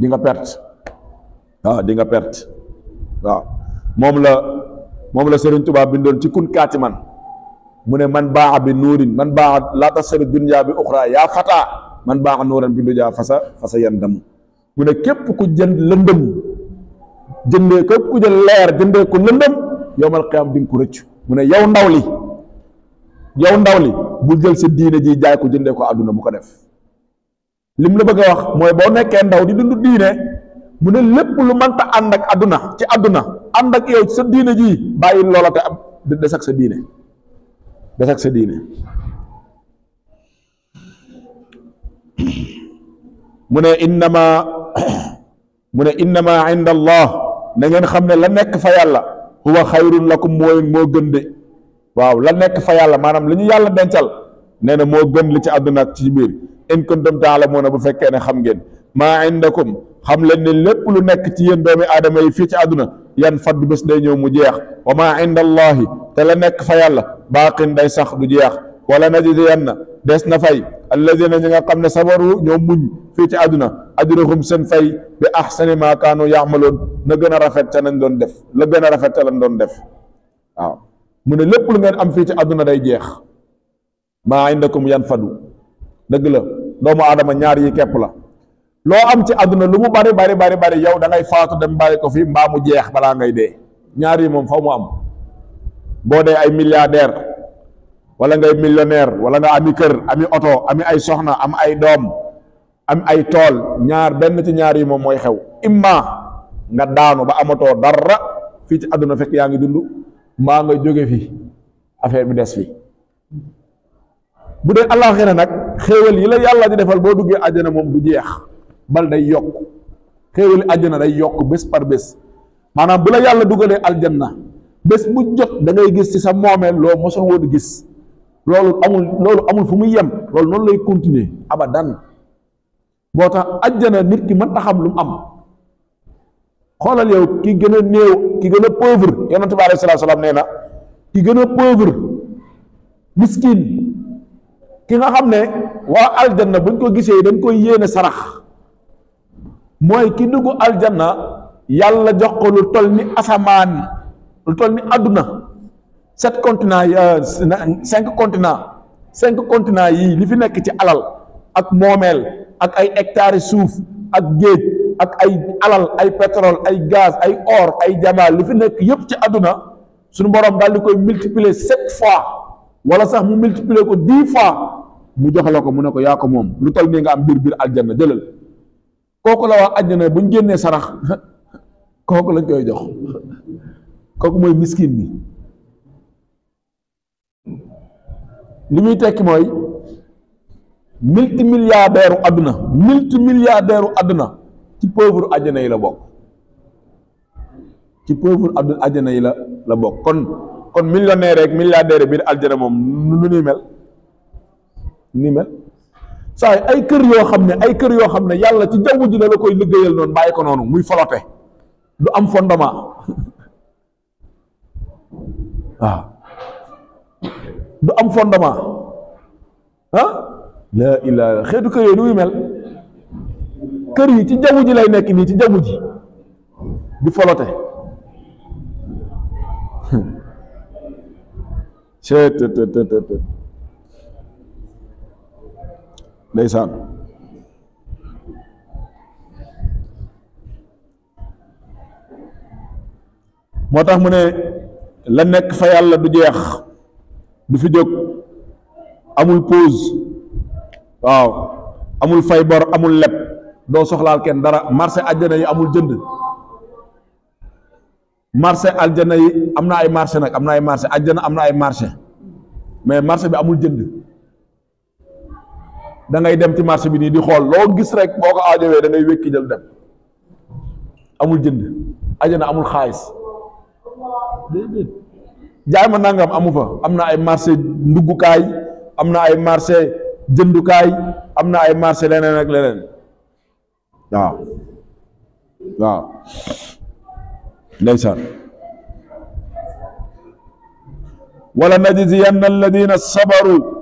B: di nga perte waaw ah, di nga perte waaw moom la moom la Serigne tubaab bindoon ci kun kaati man mu ne man baaxa bi nuurin man baaxa laa tasari dunya bi uxra yaa fataa man baaxa nuuran bi dujaa fasa fasa yan damu mu ne képp ku jënd lëndëm jëndee képp ku jël leer jëndee ko lëndëm yowmal qiyaam di nga ko rëcc mu ne yow ndaw li yow ndaw li bu jël sa diine ji jaay ko jëndee ko àdduna bu ko def lim la bëgg a wax mooy boo nekkee ndaw di dund diine mu ne lépp lu mënta ànd ak àdduna ci àdduna ànd ak yow sa diine ji bàyyi loola te am des ak sa diine des ak sa diine mu ne innama mu ne innama inda allah na ngeen xam ne la nekk fa yàlla huwa xayrun lakum mooy moo gën de waaw la nekk fa yàlla maanaam li ñu yàlla dencal nee na moo gën li ci àdduna ak ci biir in kuntum taalamuuna bu fekkee ne xam ngeen maa indakum xam leen ne lépp lu nekk ci yéen doomi aadama yi fii ci àdduna yan fad bés day ñëw mu jeex wa maa inda allahi te la nekk fa yàlla baaqin day sax du jeex wala na des na fay alladina ñi nga xam ne sabaru ñoom muñ fii ci àdduna ajrahum seen fay bi ahsani maa kaanu yaamaloon na gën a rafet ca nañ doon def la gën a rafet ca lañ doon def waaw mu ne lépp lu ngeen am fii ci àdduna day jeex maa indakum yan fadu dëgg la doomu aadama ñaar yi kepp la lo am ci aduna lu mu bari bari bari bari yow da ngay faatu dem bari ko fi nyari mu jeex bala ngay de ñaar yi mom fa mu am bo de ay milliardaire wala ngay millionnaire wala nga ami kër ami auto ami ay soxna am ay dom am ay tol ñaar ben ci ñaar yi mom moy xew imma nga daanu ba amato dara fi ci aduna fek ya ngi dundu mbaa nga joge fi affaire bi dess fi bu Allah àllaaxira nak yi la yalla di defal bo duggé aljana mom du jeex bal day yokk xéewali àjjana day yokk bés par bés maanaam bu la yàlla dugalee aljanna bés mu jot da ngay gis ci sa moomeel loo mosoon woon gis loolu amul loolu amul fu muy yem loolu noonu lay continuer abadan boo tax àjjana nit ki mën ta xam lu mu am xoolal yow ki gën a néew ki gën a pauvre yonent bi alayhi na ki gën a pauvre miskin ki nga xam ne waa aljanna buñ ko gisee dañ koy yéene sarax mooy ki dugg aljanna yàlla jox ko lu toll ni asamaan lu toll ni àdduna sept continent euh, cinq continent cinq continent yii li fi nekk ci alal ak moomeel ak ay hectares suuf ak géej ak ay alal ay pétrole ay gaz ay or ay jamaa li fi nekk yépp ci àdduna suñu borom daal di koy multiplier sept fois wala sax mu multiplier ko dix fois mu jox la ko mu ne ko yaa ko moom lu toll nii nga am biir biir aljanna jëlal kooku la waa àjjana bu ñu génnee sarax kooku lañ koy jox kooku mooy miskin bi li muy tekki mooy multi milliardaire u àdduna multi milliardaire àdduna ci pauvre àjjana yi la bokk ci pauvre àdduna àjjana yi la la bokk kon kon millionnaire rek milliardaire biir àjjana moom nu nu nuy mel nuy mel say ay keur yo xamne ay keur yo xamne yàlla ci jawu ji la koy liggeyal non bàyyi ko noonu muy folote du am fondama waaw du am fondama ha la ilaa xedu keur yo nu mel keur yi ci jawu ji lay nek ni ci jawu ji di folote chet ndeysaan moo tax mu ne la nekk fa yàlla du jeex du fi jóg amul pause waaw amul fay bor amul leb doo soxlaal kenn dara marché àjjana yi amul jënd marché àjjana yi am na ay marché nag am na ay marché àjjana am na ay marché mais marché bi amul jënd da dem ci marché bi nii di xool loo gis rek boo ko aajowee da ngay wékki jël dem amul jënd ajana amul xaalis déedéet jaay ma nangam amu fa am na ay marché nduggukaay am na ay marché jëndukaay am na ay marché leneen ak leneen waaw waaw ndeysaan wala najziyanna alladina sabaru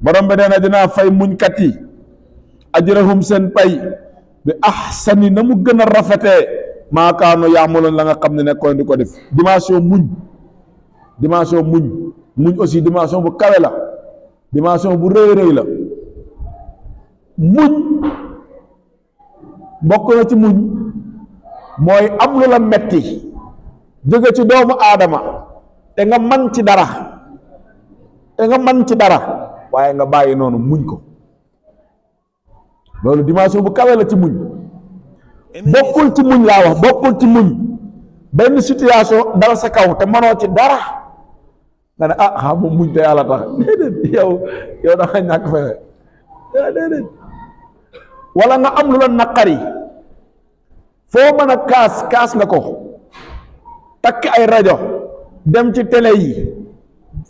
B: borom bi nee na dinaa fay muñkat yi ajrahum seen pay bi ahsani na mu gën a rafetee maakaano yaamaloon la nga xam ne nekkoon di ko def dimension muñ dimension muñ muñ aussi dimension bu kawe la dimension bu rëy rëy la muñ bokk na ci muñ mooy am lu la metti jóge ci doomu aadama te nga man ci dara te man ci dara waaye nga bàyyi noonu muñ ko loolu dimension bu kawe la ci muñ bokkul ci muñ laa wax bokkul ci muñ benn situation dara sa kaw te mënoo ci dara nga ne ah xam ah, muñ te yàlla tax *laughs* déedéet nga am lu la naqari foo mën a kaas kaas nga ko takk ay rajo dem ci télé yi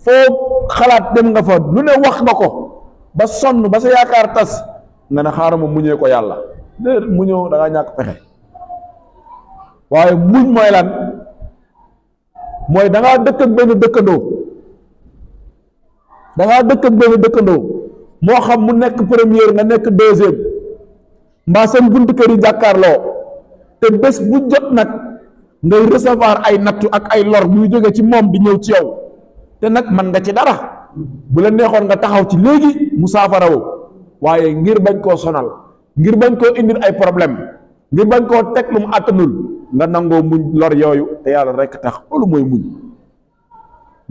B: foo xalaat dem nga fa lu ne wax nga ko ba sonn ba sa yaakaar tas nga ne xaaral ma muñee ko yàlla mu muñoo da ngaa ñàkk pexe waaye muñ mooy lan mooy da ngaa dëkk ak benn dëkkandoo da ngaa dëkk ak benn dëkkandoo moo xam mu nekk première nga nekk deuxième mbaa seen buntu kër yi jàkkaarloo te bés bu jot nag ngay recevoir ay nattu ak ay lor muy jóge ci moom di ñëw ci yow te nak man nga ci dara bu la neexon nga taxaw ci léegi musafara wo waye ngir bañ ko sonal ngir bañ ko indir ay problème ngir bañ ko tek lu mu nga nango muñ lor yoyu te yalla rek tax lu moy muñ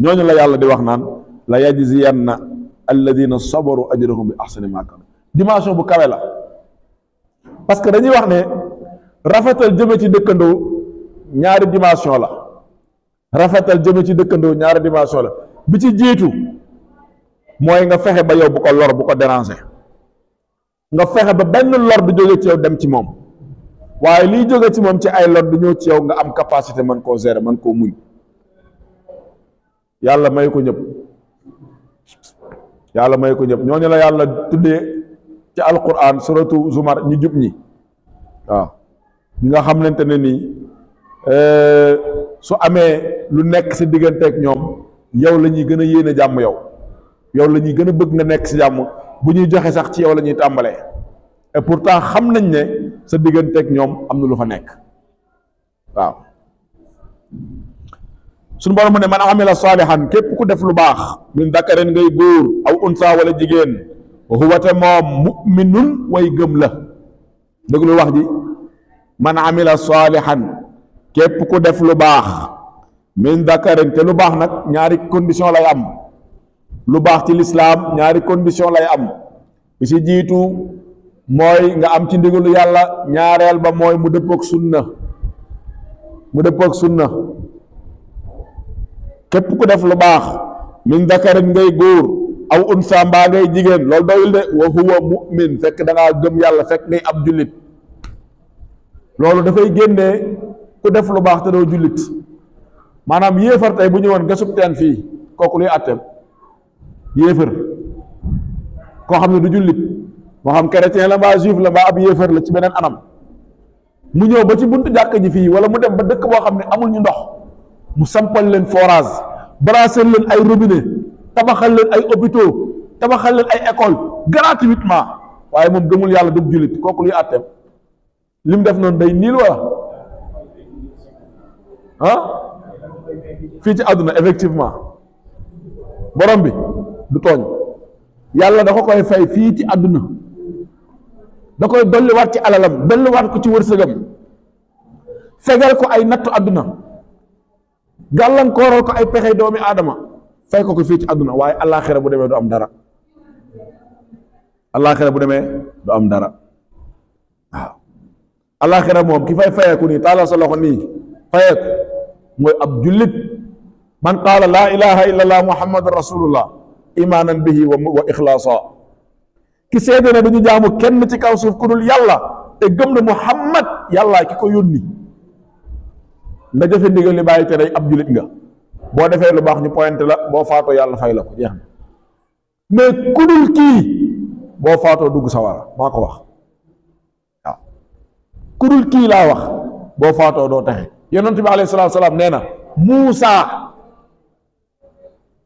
B: ñooñu la yalla di wax naan la yajziyanna alladina sabaru ajrahum bi ahsani ma kanu dimension bu kawe la parce que dañuy wax ne rafetal jëme ci dëkkandoo ñaari dimension la rafetal jëme ci ñaari dimension la bi ci jiitu mooy nga fexe ba yow bu ko lor bu ko déranger nga fexe ba benn lor bi jóge ci yow dem ci moom waaye liy jóge ci moom ci ay lor du ñëw ci yow nga am capacité mën koo gérer mën koo muñ yàlla may ko ñëpp yàlla may ko ñëpp ñooñu la yàlla tuddee ci alquran suratu zumar ñu jub ñi waaw ñi nga xamante ne nii euh, su amee lu nekk si diggante ak ñoom yow la ñuy gën a yéene jàmm yow yow la ñuy gën a bëgg nga nekk ci jàmm bu ñuy joxe sax ci yow la ñuy tàmbalee et pourtant xam nañ ne sa digganteeg ñoom am na lu fa nekk waaw suñu borom mu ne man amila saalihan képp ku def lu baax min ngay góor aw unsa wala jigéen huwate moom muminun way la dëgg lu wax ji man amila saalihan képp ku def lu baax min dakarin te lu baax nag ñaari condition lay am lu baax ci lislaam ñaari condition lay am bi ci jiitu mooy nga am ci ndigalu yàlla ñaareel ba mooy mu dëppook sunna mu dëppook sunna képp ku def lu baax min dakarin ngay góor aw unsa mbaa ngay jigéen loolu doyul de wa mu'min fekk da gëm yàlla fekk ngay ab jullit loolu dafay génnee ku def lu baax te doo jullit maanaam yéefar tey bu ñëwoon gasub teen fii kooku luy àtteem yéefar koo xam ne du jullit moo xam chrétien la mbaa juif la mbaa ab yéefar la ci beneen anam mu ñëw ba ci buntu jàkk ji fii wala mu dem ba dëkk boo xam ne amul ñu ndox mu sampal leen forage brasser leen ay robinet tabaxal leen ay hôpitaux tabaxal leen ay école gratuitement waaye moom gëmul yàlla dug jullit kooku luy àtteem li def noonu day niil wala fii ci àdduna effectivement borom bi du tooñ yàlla da ko koy fay fii ci àdduna da koy dolliwaat ci alalam dolliwaat ko ci wërsëgam fegal ko ay nattu àdduna gàllankooral ko ay pexe doomi aadama fay ko ko fii ci àdduna waaye allaaxira bu demee du am dara allaaxira bu demee am dara waaw allaaxira moom ki fay fayeeku nii taalal sa loxo nii fayeeku mooy ab jullit man qaala laa ilaha illa allah muhammadan rasulullah imaanan bihi wa ixlaasa ki seede ne dañu jaamu kenn ci kaw suuf ku yàlla te gëm na muhammad yàlla ki ko yónni nda jëfe ndigal li bàyyi tere ab julit nga boo defee lu baax ñu pointé la boo faatoo yàlla fay la ko jeex na mais boo faatoo dugg sawara maa ko wax waaw kii laa wax boo faatoo doo taxe yonent bi alayhi salaatu nee na Muusaa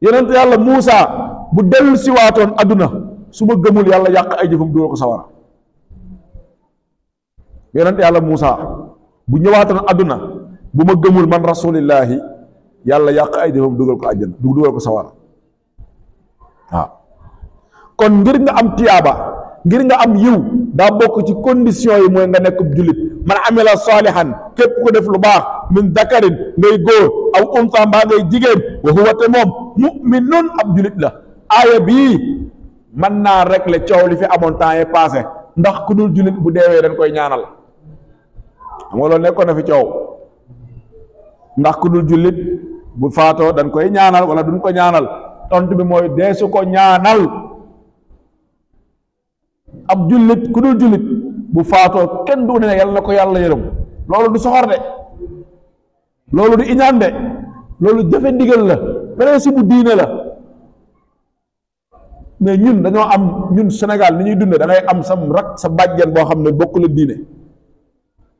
B: yonent yalla musa bu delu ci waton aduna suma gemul yalla yak ay jefum do ko sawara yonent yalla musa bu aduna bu ma man rasulillahi yalla yak ay jefum dugal ko du dugal ko sawara waaw kon ngir nga am tiyaba ngir nga am yiw da bok ci condition yi moy nga nek jullit man amila salihan kep ko def lu bax min dakarin ngay go aw umta ba ngay jigen wa huwa te mu'minun ab julit la aaya bii mën naa rekle coow li fi amoon temps yee passé ndax ku dul bu deewee dañ koy ñaanal xam nga loolu nekkoon na fi ndax ku dul jullit bu faatoo dañ koy ñaanal wala duñ ko ñaanal tontu bi mooy deesu ko ñaanal ab jullit ku dul jullit bu faatoo kenn du ne yàlla na ko yàlla yërëm loolu du soxor de loolu du iñaan de loolu jëfe ndigal la principe diiné la mais ñun dañoo am ñun sénégal ni ñuy dundé da ngay am sam rak sa bàjjen bo xamné bokku bokk la diine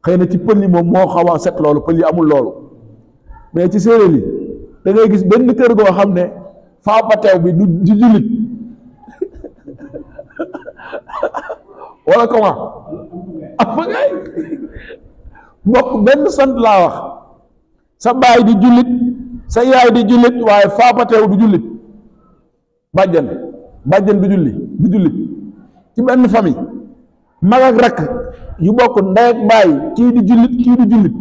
B: xëy ci pelli mom mo xawa set lolu pelli amul lolu mais ci séeréer li da ngay gis benn kër goo xam ne faapateew bi du julit *laughs* wala comment apa ngay bokku benn sant la wax sa bay di julit sa yaay di julit waye faapa teew du julit badjan badjan du julli du julit ci ben fami? mag ak rak yu bok ndey ak bay kii di julit kii di julit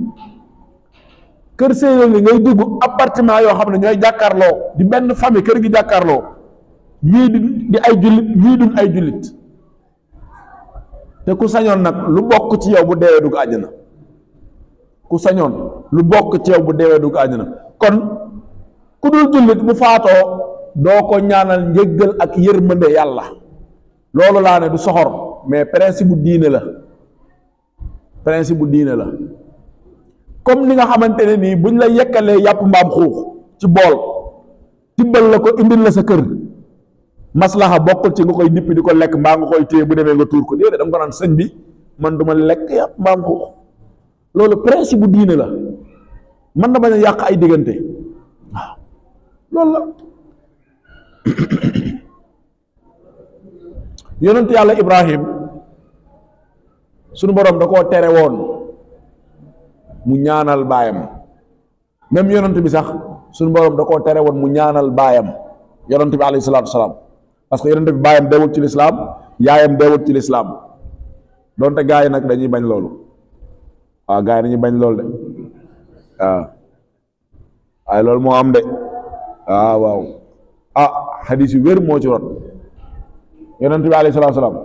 B: keur seyo ni ngay dugg appartement yo xamne ñoy jakarlo di ben fami? keur gi jakarlo ñii di di ay julit ñii duñ ay julit te ku sañon nak lu bok ci yow bu deewee dugg ku sañon lu bok ci yow bu deewee dugg àjjana kon ku dul jullit bu faato do ko ñaanal ñeegal ak yermande yalla lolu la ne du soxor mais principe diine la principe diine la comme ni nga xamantene ni buñ la yekale yap mbam xoo ci bool tibbal la ko indil la sa kër maslaha bokul ci nga koy dippi diko lek lekk mbaa nga koy téye bu deme nga tour ko dede dam ko nan señ bi man duma lek yap mbam xoo lolu principe diine la mën na bañ a yàq ay diggante waaw la yonent yàlla ibrahim sunu boroom da koo tere woon mu ñaanal baayam même yonent bi sax sunu boroom da koo tere woon mu ñaanal baayam yonent bi alayhi salaatu salaam parce que yonent bi baayam deewut ci lislaam yaayam deewut ci lislaam doonte gaa yi nag dañuy bañ loolu waaw gaa yi dañuy bañ loolu de waaw ah. loolu moo am de ah, waaw waaw ah, a xadis yu wér moo ci rot yonent bi alayhi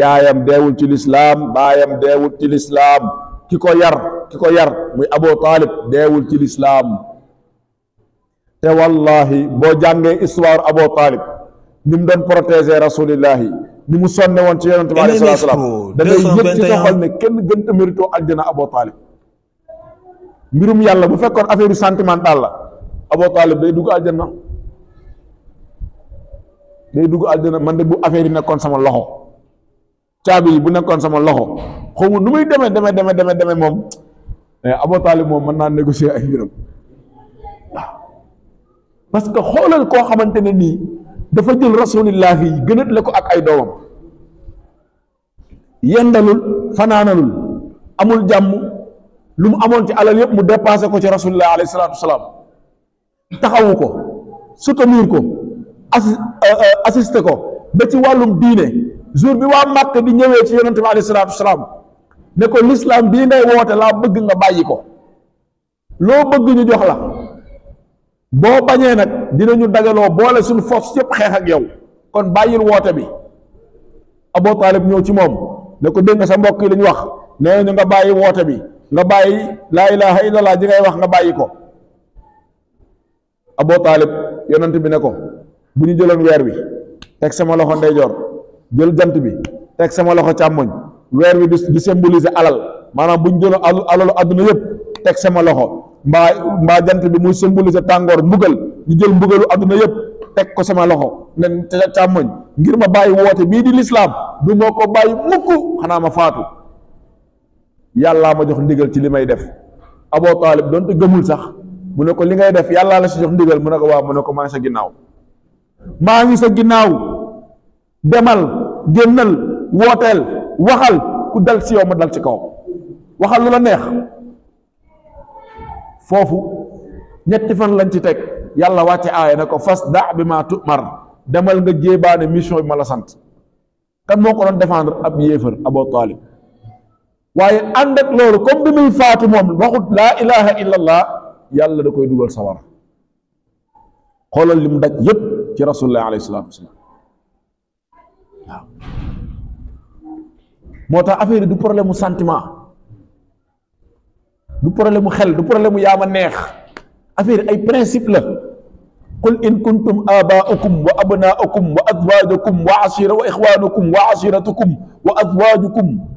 B: yaayam deewul ci lislaam baayam deewul ci lislaam ki ko yar ki ko yar muy Abu Taalib deewul ci lislaam te wallahi boo jàngee histoire Abu Taalib ni mu doon protéger rasulillahi ni mu sonne woon ci yonent bi alayhi salaatu salaam da ngay yëg ci sa ne kenn gën a mérito àjjana Abu Taalib mbirum yàlla bu fekkoon affaire sentimentale la Abu day dugg aljanna day dugg aljanna man de bu affaire yi nekkoon sama loxo caabi yi bu nekkoon sama loxo xaw ma nu muy demee demee demee demee demee moom mais moom mën naa négocier ay mbiram waaw parce que xoolal koo xamante ne nii dafa jël rasulillahi yi gënat la ko ak ay doomam yendalul fanaanalul amul jàmm lu mu amoon ci alal yëpp mu dépassé ko ci rasulullah alayhi salaatu wasalaam taxawu ko soutenir ko assi euh, euh, ko ba ci wàllum diine jour bi waa màkk di ñëwee ci yonente bi alayhi salaatu wasalaam ne ko lislaam bii ngay woote laa bëgg nga bàyyi ko loo bëgg ñu jox la boo bañee nag dinañu dagaloo boole suñu force yëpp xeex ak yow kon bàyyil woote bi Abu Taalib ñëw ci moom ne ko dégg sa mbokk yi lañu wax nee ñu nga bàyyi woote bi nga bayyi la ilaha illallah ji ngay wax nga bàyyi ko Abu Taalib yonent bi ne ko buñu jëlon wër bi tek sama loxo jor jël jant bi tek sama loxo càmmoñ wër bi di symboliser alal manam buñu jëlon alal aduna àdduna yëpp teg sama loxo mba mba jant bi muy symboliser tangor mbugal ñu jël mbugalu aduna yëpp tek ko sama loxo nen ngir ma bayyi wote bi di l'islam du moko bayyi mukk ma fatou Yalla ma jox ndigal ci limay def Abu Taalib doonte gemul sax muneko yalla li ngay def yalla la ci jox ndigal muneko wa muneko ma sa ma ngi sa demal gennal wotel waxal ku dal ci yow ma dal ci kaw waxal lula neex fofu ñetti fan lañ ci tek yalla wati aaya nako fas da bima tumar demal nga jéebaane mission bi kan moko don défendre ab yéfer abo Taalib waaye ànd ak loolu comme bi muy faatu moom waxut laa ilaha illallah yàlla da koy dugal sawara xoolal li mu daj yépp ci rasulullah alayhi salaatu wasalaam waaw moo tax affaire yi du problème mu sentiment du problème mu xel du problème mu yaama neex affaire ay principe la qul in kuntum aba'ukum wa abna'ukum wa azwajukum wa ashira wa ikhwanukum wa ashiratukum wa azwajukum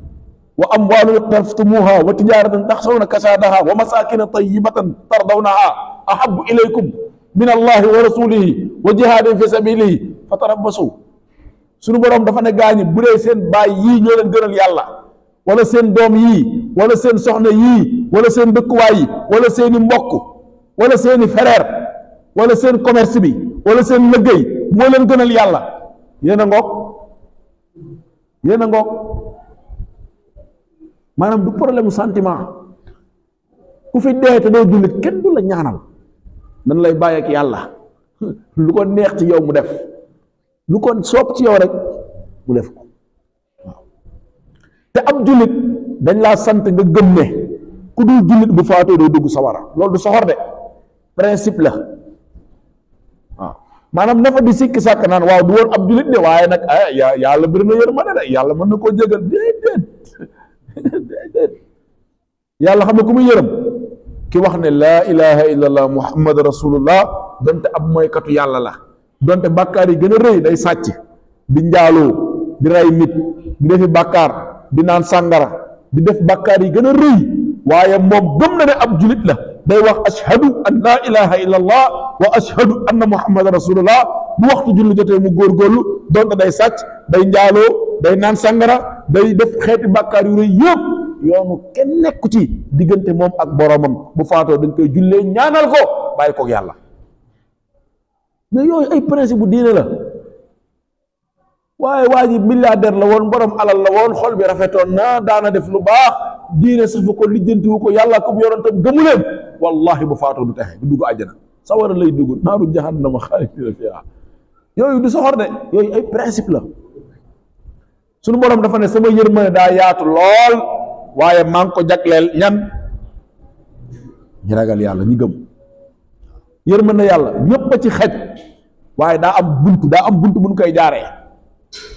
B: wa amwaalun iqtaraftumuuhaa wa tijaaratan taxshawna kasaadahaa wa masaakina tayyibatan tardawnahaa ahabbu ilaykum min allahi wa rasulihi wa jihaadin fi sabilihi fatarabbasu suñu boroom dafa ne gaañi bu dee seen baay yii ñoo leen gënal yàlla wala seen doom yii wala seen soxna yii wala seen dëkkuwaay yi wala seeni mbokk wala seeni frère wala seen commerce bi wala seen liggéey moo leen gënal yàlla yéen a ngoog yéen a ngoog manam du problème sentiment ku fi dé té doo jullit kenn du la ñaanal dañ lay baye ak yalla *laughs* lu ko neex ci yow mu def lu ko soob ci yow rek mu def ko té am ab dañ la sante nga gëm né ku du jullit bu faato do dugg sawara lolou du soxor de principe la manam nafa di sik sak nan waw du won ab jullit de nak ah, ya yàlla bëri na yërmande de yalla man nako koo jégal yàlla xam ne ku muy yërëm ki wax ne laa ilaha illallah muhammad rasulullah donte ab mooykatu yàlla la donte bakkaar yi gën a rëy day sàcc di njaaloo di rey nit di defi bàkkaar di naan sàngara di def bàkkaar yi gën a rëy waaye moom gëm na ne ab julit la day wax ashhadu an laa ilaha illallah wa ashhadu anna muhammad rasulullah bu waxtu julli jotee mu góorgóorlu donte day sàcc day njaaloo day naan sàngara day def xéti bakkar yu rëy yëpp yoonu kenn nekku ci digënté mom ak boromam bu faato dañ koy jullé ñaanal ko bàyyi ak yalla né yoy ay principe bu diiné la waye waji milliardaire la won borom alal la won xol bi rafetoon na daana def lu baax diiné safu ko wu ko yalla ko yorontam gëmu wallahi bu faato du taxé du dugg àjjana sawara lay dugg naru jahannama xaalidina fiha yoy du soxor de yoy ay principe la suñu borom dafa ne sama yërmande daa yaatu lool waaye maa ngi ko jagleel ñan ñi ragal yàlla ñi gëm yërmande yàlla ñëpp a ci xej waaye daa am bunt daa am bunt bu koy jaaree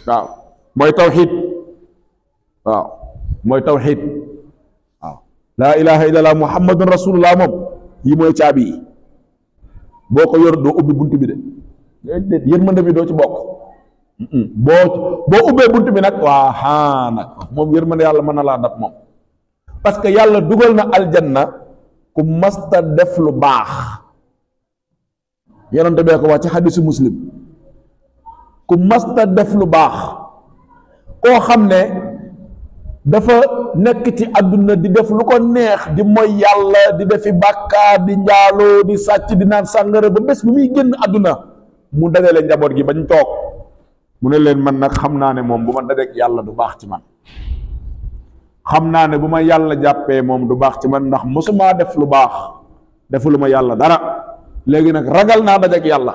B: waaw mooy tawxiid waaw mooy tawxiid waaw laa ilaha illallah muhammadun rasulullah moom yi mooy caabi yi boo ko yor doo ubbi bunt bi de déedéet yërmande bi doo ci bokk bo bo ubbe buntu bi nak wa ha nak mom yermane yalla man la dab parce que yalla dugal na aljanna ku masta def lu bax yonente bee ko wax ci muslim ku masta def lu bax ko xamne dafa nek ci aduna di def lu ko neex di moy yalla di defi bàkkaar di njaalo di sàcc di nan sangere ba bes bu muy genn aduna mu dagale njabot gi bañ tok mu ne leen man nag xam naa ne moom bu ma dajeek yàlla du baax ci man xam naa ne bu ma yàlla jàppee moom du baax ci man ndax mosumaa def lu baax defulu ma yàlla dara léegi nag ragal naa dajeek yàlla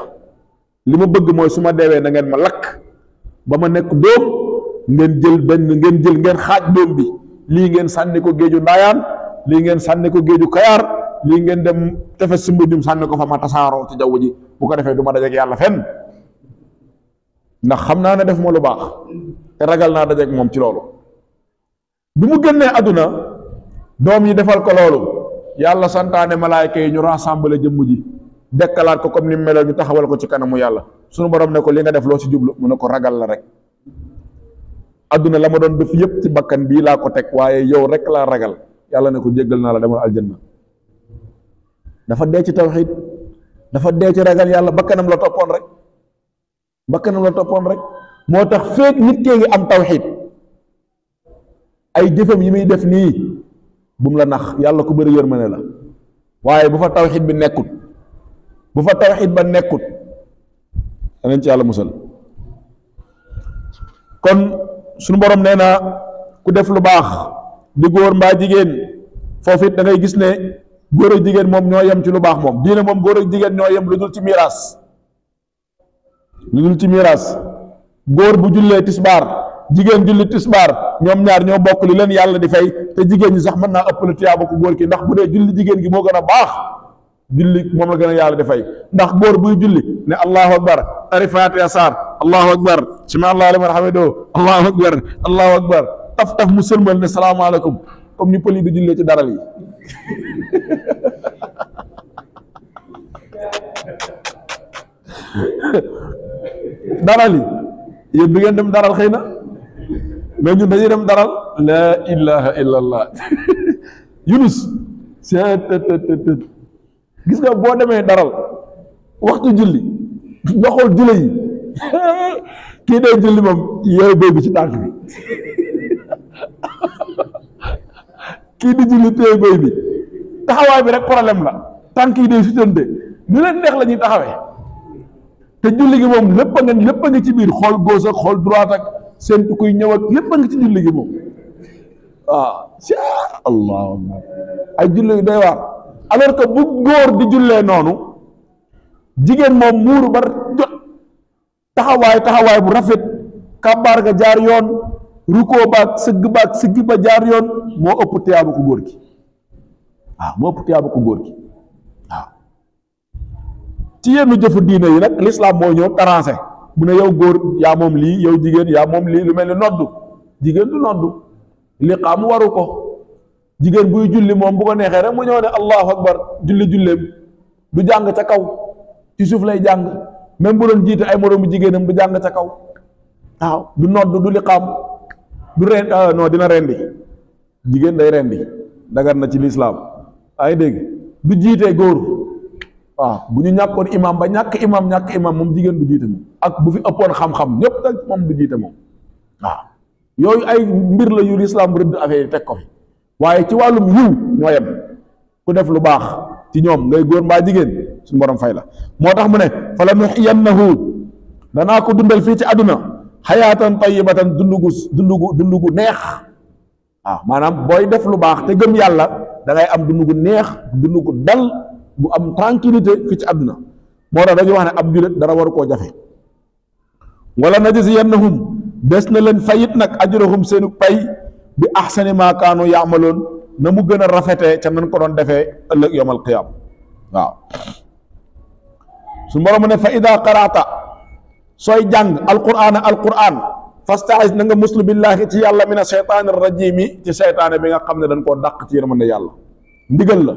B: li ma bëgg mooy su ma deewee na ngeen ma lakk ba ma nekk dóom ngeen jël benn ngeen jël ngeen xaaj dóom bi lii ngeen sànni ko géeju ndaayaan lii ngeen sànni ko géeju kayaar lii ngeen dem tefes si mbujum sànni ko fa ma tasaaroo ci jaww ji bu ko defee du ma dajeek yàlla fenn ndax xamna na def mo lu bax te ragal na dajek mom ci lolu bi mu genné aduna dom yi defal ko lolu yalla santane malaika yi ñu rassembler jëm ji déclarer ko comme ni namu ya ñu taxawal ko ci kanamu yalla suñu borom ne ko li nga def lo ci djublu mu ne ko ragal la rek aduna la ma doon def yépp ci bakkan bi la ko tek waye yow rek la ragal yalla ne ko jéggal na la demal aljanna dafa dé ci tawhid dafa dé ci ragal yalla bakkanam la topone rek bakkanam la toppoon rek moo tax féet nit kee ngi am tawxiid ay jëfam yi muy def nii mu la nax yàlla ko ku bëri ne la waaye bu fa tawxiid bi nekkut bu fa tawxiid ba nekkut danañ ci yàlla musal kon suñu borom nee naa ku def lu baax di góor mbaa jigéen foofu it da ngay gis ne góor ak jigéen moom ñoo yem ci lu baax moom diine moom góor ak jigéen ñoo yem lu dul ci miraas lu dul ci miraas góor bu jullee tisbaar jigéen julli tisbaar ñoom ñaar ñoo bokk li leen yàlla di fay te jigéen ñi sax mën naa ëpp la tuyaaba ko góor ki ndax bu dee julli jigéen gi moo gën a baax julli moom la gën a yàlla di fay ndax góor buy julli ne allahu akbar ari fatiha saar allahu akbar sami allahu liman hamidoo allahu akbar allahu akbar taf taf mu sëlmal ne salaamaaleykum comme ni pël yi di jullee ci daral yi *laughs* daral yi yéen di ngeen dem daral xëy na mais ñun dañuy dem daral laa ilaha illa *laughs* yunus seetëtëtët gis nga boo demee daral waxtu julli nga xool julli yi *laughs* kii day julli moom yow béy bi ci tànk bi *laughs* kii di julli téye béy bi taxawaay bi rek problème la tànk yi day sutante ñu leen neex la ñuy taxawee te julli gi mom lepp nga lepp nga ci bir xol gauche ak xool droite ak sen tukuy ñew ak lepp nga ci julli gi mom ah ci allah ay julli day doy alors que bu goor di julle nonu jigen mom muru bar jot taxaway taxawaay bu rafet kàbbaar ga jaar yoon ruko ba seug ba seug ba jaar yoon mo upp tiyabu ko góor gi waaw ah, moo ëpp ko góor ci yenn jëfu diine yi nag lislaam moo ñëw tarancé mu ne yow góor yaa moom lii yow jigéen yaa moom lii lu mel ni noddu jigéen du noddu liqaam waru ko jigéen buy julli moom bu ko neexee rek mu ñëw ne allahu akbar julli julleem du jàng ca kaw ci suuf lay jàng même bu doon jiite ay moroomu jigéenam bu jàng ca kaw waaw du noddu du liqaam du ren ah, non dina rendi jigéen day rendi dagar na ci lislaam ay dégg du jiitee góor waaw bu ñu ñàkkoon imaam ba ñàkk imaam ñàkk imaam moom jigéen bu jiite moom ak bu fi ëppoon xam-xam ñëpp nag moom du jiite moom waaw yooyu ay mbir la yu lislaam rëdd affaire yi teg ko fi waaye ci wàllum yiw ñoo yem ku def lu baax ci ñoom ngay góor mbaa jigéen su borom fay la moo tax mu ne fa la nuxyiyannahu danaa ko dundal fii ci àdduna xayaatan tayyibatan dundugu dundugu dundugu neex waaw maanaam booy def lu baax te gëm yàlla da ngay am dundugu neex dundugu dal bu am tranquillité fii ci àdduna moo tax dañuy wax ne ab jullit dara waru koo jafe wala najziyannahum des na leen fayit nag ajrahum seenu pay bi ahsani maa kaanu yaamaloon na mu gën a rafetee ca nan ko doon defee ëllëg yawmal qiyaam
A: waaw su
B: moroom ne fa ida qaraata sooy jàng alquraan alquraan fasta'iz na nga muslu billaahi ci yàlla mina shaytaani rajiimi ci seytaane bi nga xam ne dañ koo dàq ci yërmande yàlla ndigal la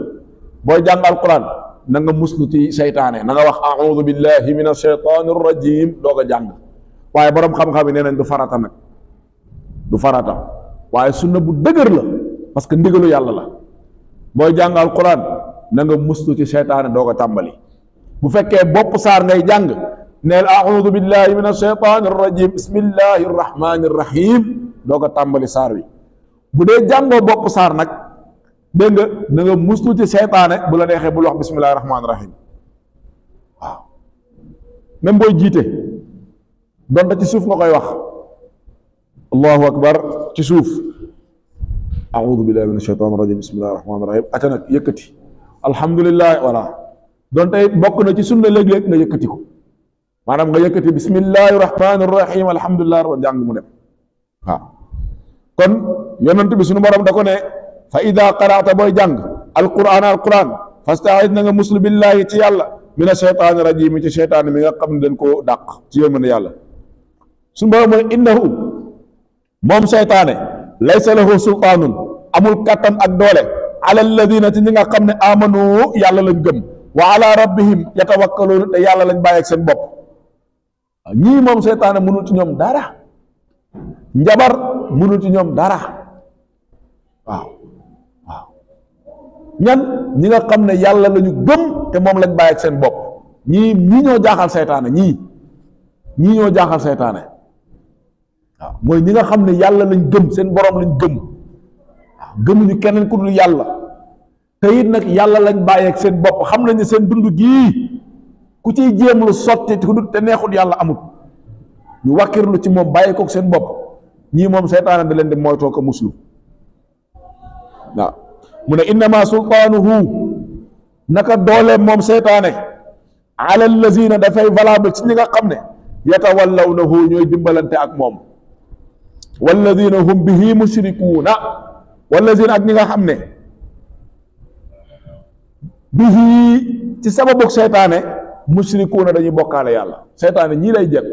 B: booy jàng alquran na nga muslu ci seytaane na nga wax audu billahi min ashaytaani rajim doog a jàng waaye boroom xam-xam yi nee nañ du farata nag du farata waaye sunna bu dëgër la parce que ndigalu yàlla la booy jàng alquran na nga muslu ci seytaane doo a tàmbali bu fekkee bopp saar ngay jàng neel audu billahi min ashaytaani rajim bismillahi rahmaani rahim doog a tàmbali saar wi bu dee jàngoo bopp saar nag dégg nga na nga ci seytaane bu la neexee bul wax bismillahi rahmaani rahim waaw même booy jiite donte ci suuf nga koy wax allahu akbar ci suuf audu billahi min ashaytan rajim bismillahi rahmaani rahim ata nag yëkkati alhamdulilah voilà donte bokk na ci sunna léeg-léeg nga yëkkati ko maanaam nga yëkkati bismillahi rahmaani rahim alhamdulilah jàng mu dem waaw kon yonent bi suñu borom da ko ne fa ida qaraata booy jàng alquran alquran fastaid na nga muslu billahi ci yàlla mina sheytaani rajim ci sheytaani mi nga xam den dañ koo dàq ci yërmande yàlla su borom mooy innahu moom sheytaane laysa lahu sultaanun amul kattan ak doole ala alladina ci ñi nga xam ne amanu yàlla lañ gëm wa ala rabbihim yatawakkaluun te yàlla lañ bàyyeeg seen bopp ñii moom seytaane mënul ci ñoom dara njabar mënul ci ñoom dara waaw ñan ñi nga xam ne yàlla lañu ñu gëm te moom lañ bàyyi seen bopp ñii ñii ñoo jaaxal seytaane ñii ñii ñoo jaaxal seytaane waaw mooy ñi nga xam ne yàlla lañ gëm seen borom lañ gëm gëmuñu keneen ku dul yàlla te it nag yàlla lañ bàyyeek seen bopp xam nañ ne seen dund gii ku ciy jéem lu sotti ku dul te neexul yàlla amut ñu lu ci moom bàyyi kook seen bopp ñii moom seytaane da leen di moytoo ko muslu waaw mu ne innama sultaanuhu naka doole moom seytaane ala allazina dafay valable ci ñi nga xam ne yatawallawnahu ñooy dimbalante ak moom wallazina hum bihi mushrikuuna wallazina ak ñi nga xam ne bihi ci sababu seytaane mushrikuuna dañuy bokkaale yàlla seytaane ñii lay jekk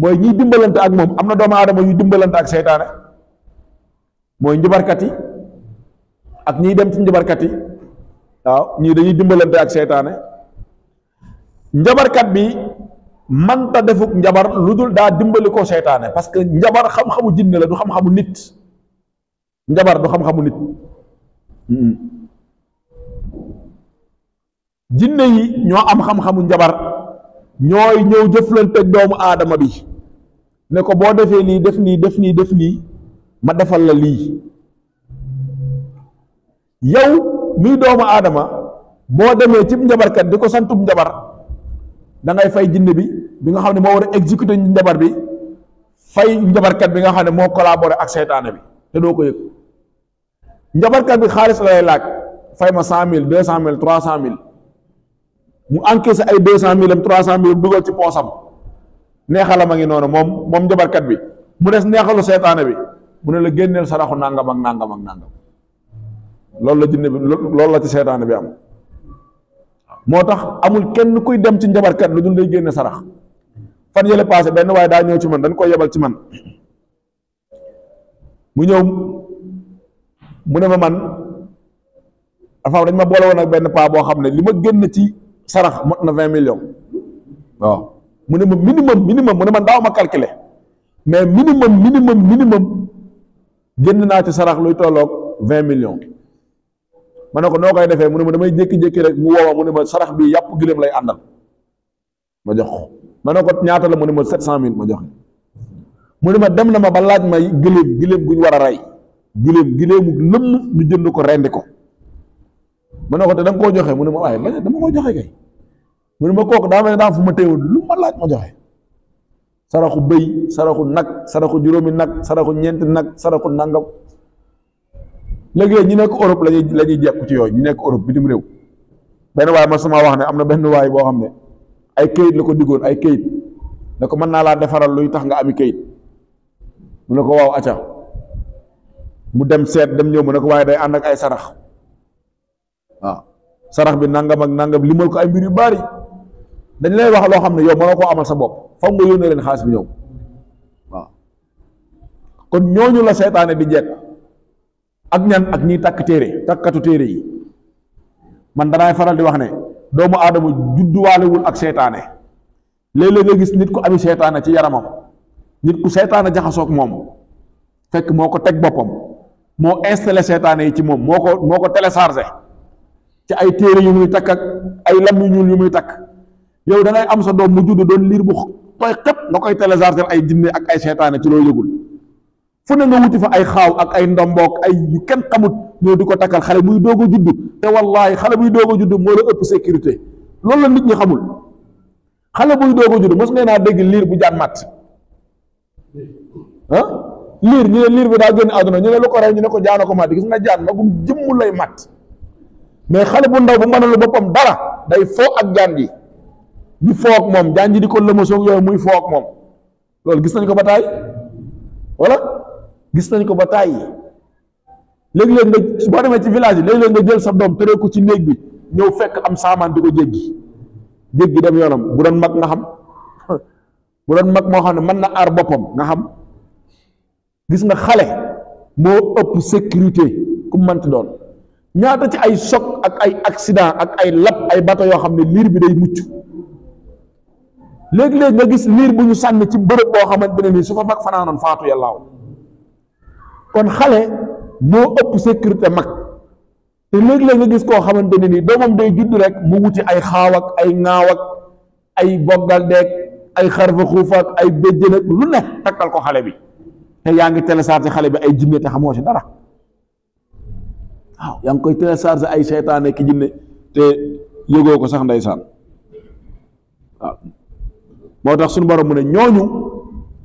B: mooy ñiy dimbalante ak moom am na doomu aadama yu dimbalante ak seytaane mooy njubarkat yi ak ñiy dem ci njabarkat yi waaw ñii dañuy dimbalante ak seytaane njabarkat bi manta defuk njabar lu dul daa dimbali ko seytaane parce que njabar xam-xamu jinne la du xam-xamu nit njabar du xam-xamu nit jinne yi ñoo am xam-xamu njabar ñooy ñëw jëflante doomu aadama bi ne ko boo defee lii def nii def nii def nii ma defal la lii yow mii doomu aadama boo demee ci njabarkat di ko santub njabar da ngay fay jinne bi bi nga xam ne moo war a exécuter njabar bi fay njabarkat bi nga xam ne moo collaboré ak seytaane bi te doo ko yëg njabarkat bi xaalis lay laaj fay ma cent mille deux cent mille trois cent mille mu encaissé ay deux cent mille am trois cent mille dugal ci poosam neexalam a ngi noonu moom moom njabarkat bi mu des neexalu seytaane bi mu ne la génneel saraxu nangam ak nangam ak nangam loolu la jinne bi loolu la ci seytaane bi am moo tax amul kenn kuy dem ci njabarkat lu dul day génne sarax fan yële passé benn waaye daa ñëw ci man dañ koy yebal ci man mu ñëw mu ne ma man dafa dañ ma boole ak benn paa boo xam ne li génn ci sarax mot na vingt millions waaw mu ne ma minimum minimum mu ne man daaw ma calculer mais minimum minimum minimum génn naa ci sarax luy tolloog vingt millions ma ko noo koy defee mu ne ma damay jékki-jékki rek mu woo ma mu ne ma sarax bi yàpp giléem lay àndal ma jox ko ma ne ko ñaata la mu ne ma sept cent mil ma jox mu ne ma dem na ma ba laaj ma giléem giléem gu ñu war a rey giléem giléemu lëmm ñu jënd ko rendi ko ma ne ko te da koo joxe mu ne ma waaye ma dama koo joxe kay mu ne ma kooku daa mel daa fu ma teewul lu ma laaj ma joxe saraxu bëy saraxu nag saraxu juróomi nag saraxu ñeenti nag saraxu nangam léeg ñi nekk Europe lañuy la ñuy jekku ci yooyu ñu nekk Europe bitim réew benn waay ma sama wax ne am na benn waay boo xam ne ay kayit la ko diggoon ay kayit ne ko mën naa laa defaral luy tax nga ami kayit mu ne ko waaw acca mu dem seet dem ñëw mu ne ko waaye day ànd ak ay sarax waaw sarax bi nangam ak nangam limal ko ay mbir yu bari dañ lay wax loo xam ne yow mënoo koo amal sa bopp foog nga yónnee leen xaalis bi ñëw waaw kon ñooñu la seytaane di jekk ak ñan ak ñiy takk téere takkatu téere yi man danaay faral di wax ne doomu aadama judduwaalewul ak seytaane léeg-léeg gis nit ku ami seytaane ci yaramam nit ku seytaane jaxasoog moom fekk moo ko teg boppam moo installé seytaane yi ci moom moo ko moo ko téléchargé ci ay téere yu muy takk ak ay lam yu ñuul yu muy takk yow da am sa doom mu judd doon liir bu tooy xëpp nga koy téléchargé ay jinne ak ay seytaane ci loo yëgul fu ne nga wuti fa ay xaw ak ay ndomboog ay yu kenn xamut ñoo di ko takkal xale buy doog a judd te wallaahi xale buy doog a judd moo la ëpp sécurité loolu la nit ñi xamul xale buy doog a judd mos ngeen naa dégg liir bu jaan mat ah ñu ne liir bi daa génn àdduna ñu ko rey ñu ne ko jaana ko mat gis nga jaan magum jëmm lay mat mais xale bu ndaw bu mënalu boppam dara day foo ak jaan ji di foo moom jaan ji di ko lëmasoog yooyu muy foo moom loolu gis nañ ko ba taay wala gis nañ ko ba tàyyi léegi-léeg nga boo demee ci village bi léegi-léeg nga jël sa doom tëree ko ci néeg bi ñëw fekk am saamaan di ko jéggi jéggi dem yoonam bu doon mag nga xam *laughs* bu doon mag moo xam ne mën na aar boppam nga xam gis nga xale moo ëpp sécurité ku mënti doon ñaata ci ay choc ak ay accident ak ay lap ay bato yoo xam ne liir bi day mucc léegi-léeg nga gis liir bu ñu sànni ci bërëb boo xamante ne nii su fa mag fanaanoon faatu yàllaaw kon xale mo upp sécurité mak te leg leg nga gis ko xamanteni ni domam day judd rek mu wuti ay xawak ay ngaawak ay bogal dek ay xarfa xufak ay béjjën ak lu nekk takal ko xale bi te yaa ngi téléchargé xale bi ay jinne te xamoo ci dara waaw yaa ngi koy téléchargé ay shaytané ki jinne te yego ko sax ndaysan waaw motax suñu borom mu ne ñooñu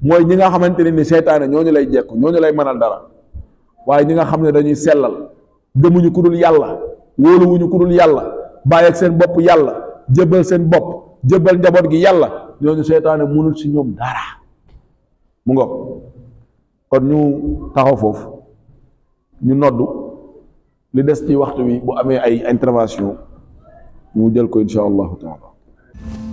B: moy ñi nga xamanteni ni seytaane ñooñu lay jekku ñooñu lay manal dara waaye ñi nga xam ne dañuy sellal gëmuñu ku dul yàlla wóoluwuñu ku dul yàlla bàyyi ak seen bopp yàlla jëbal seen bopp jëbal njaboot gi yàlla ñooñu seytaane mënul si ñoom dara mu ngoog kon ñu taxaw foofu ñu noddu lu des ci waxtu wi bu amee ay intervention mu jël ko insha allahu taala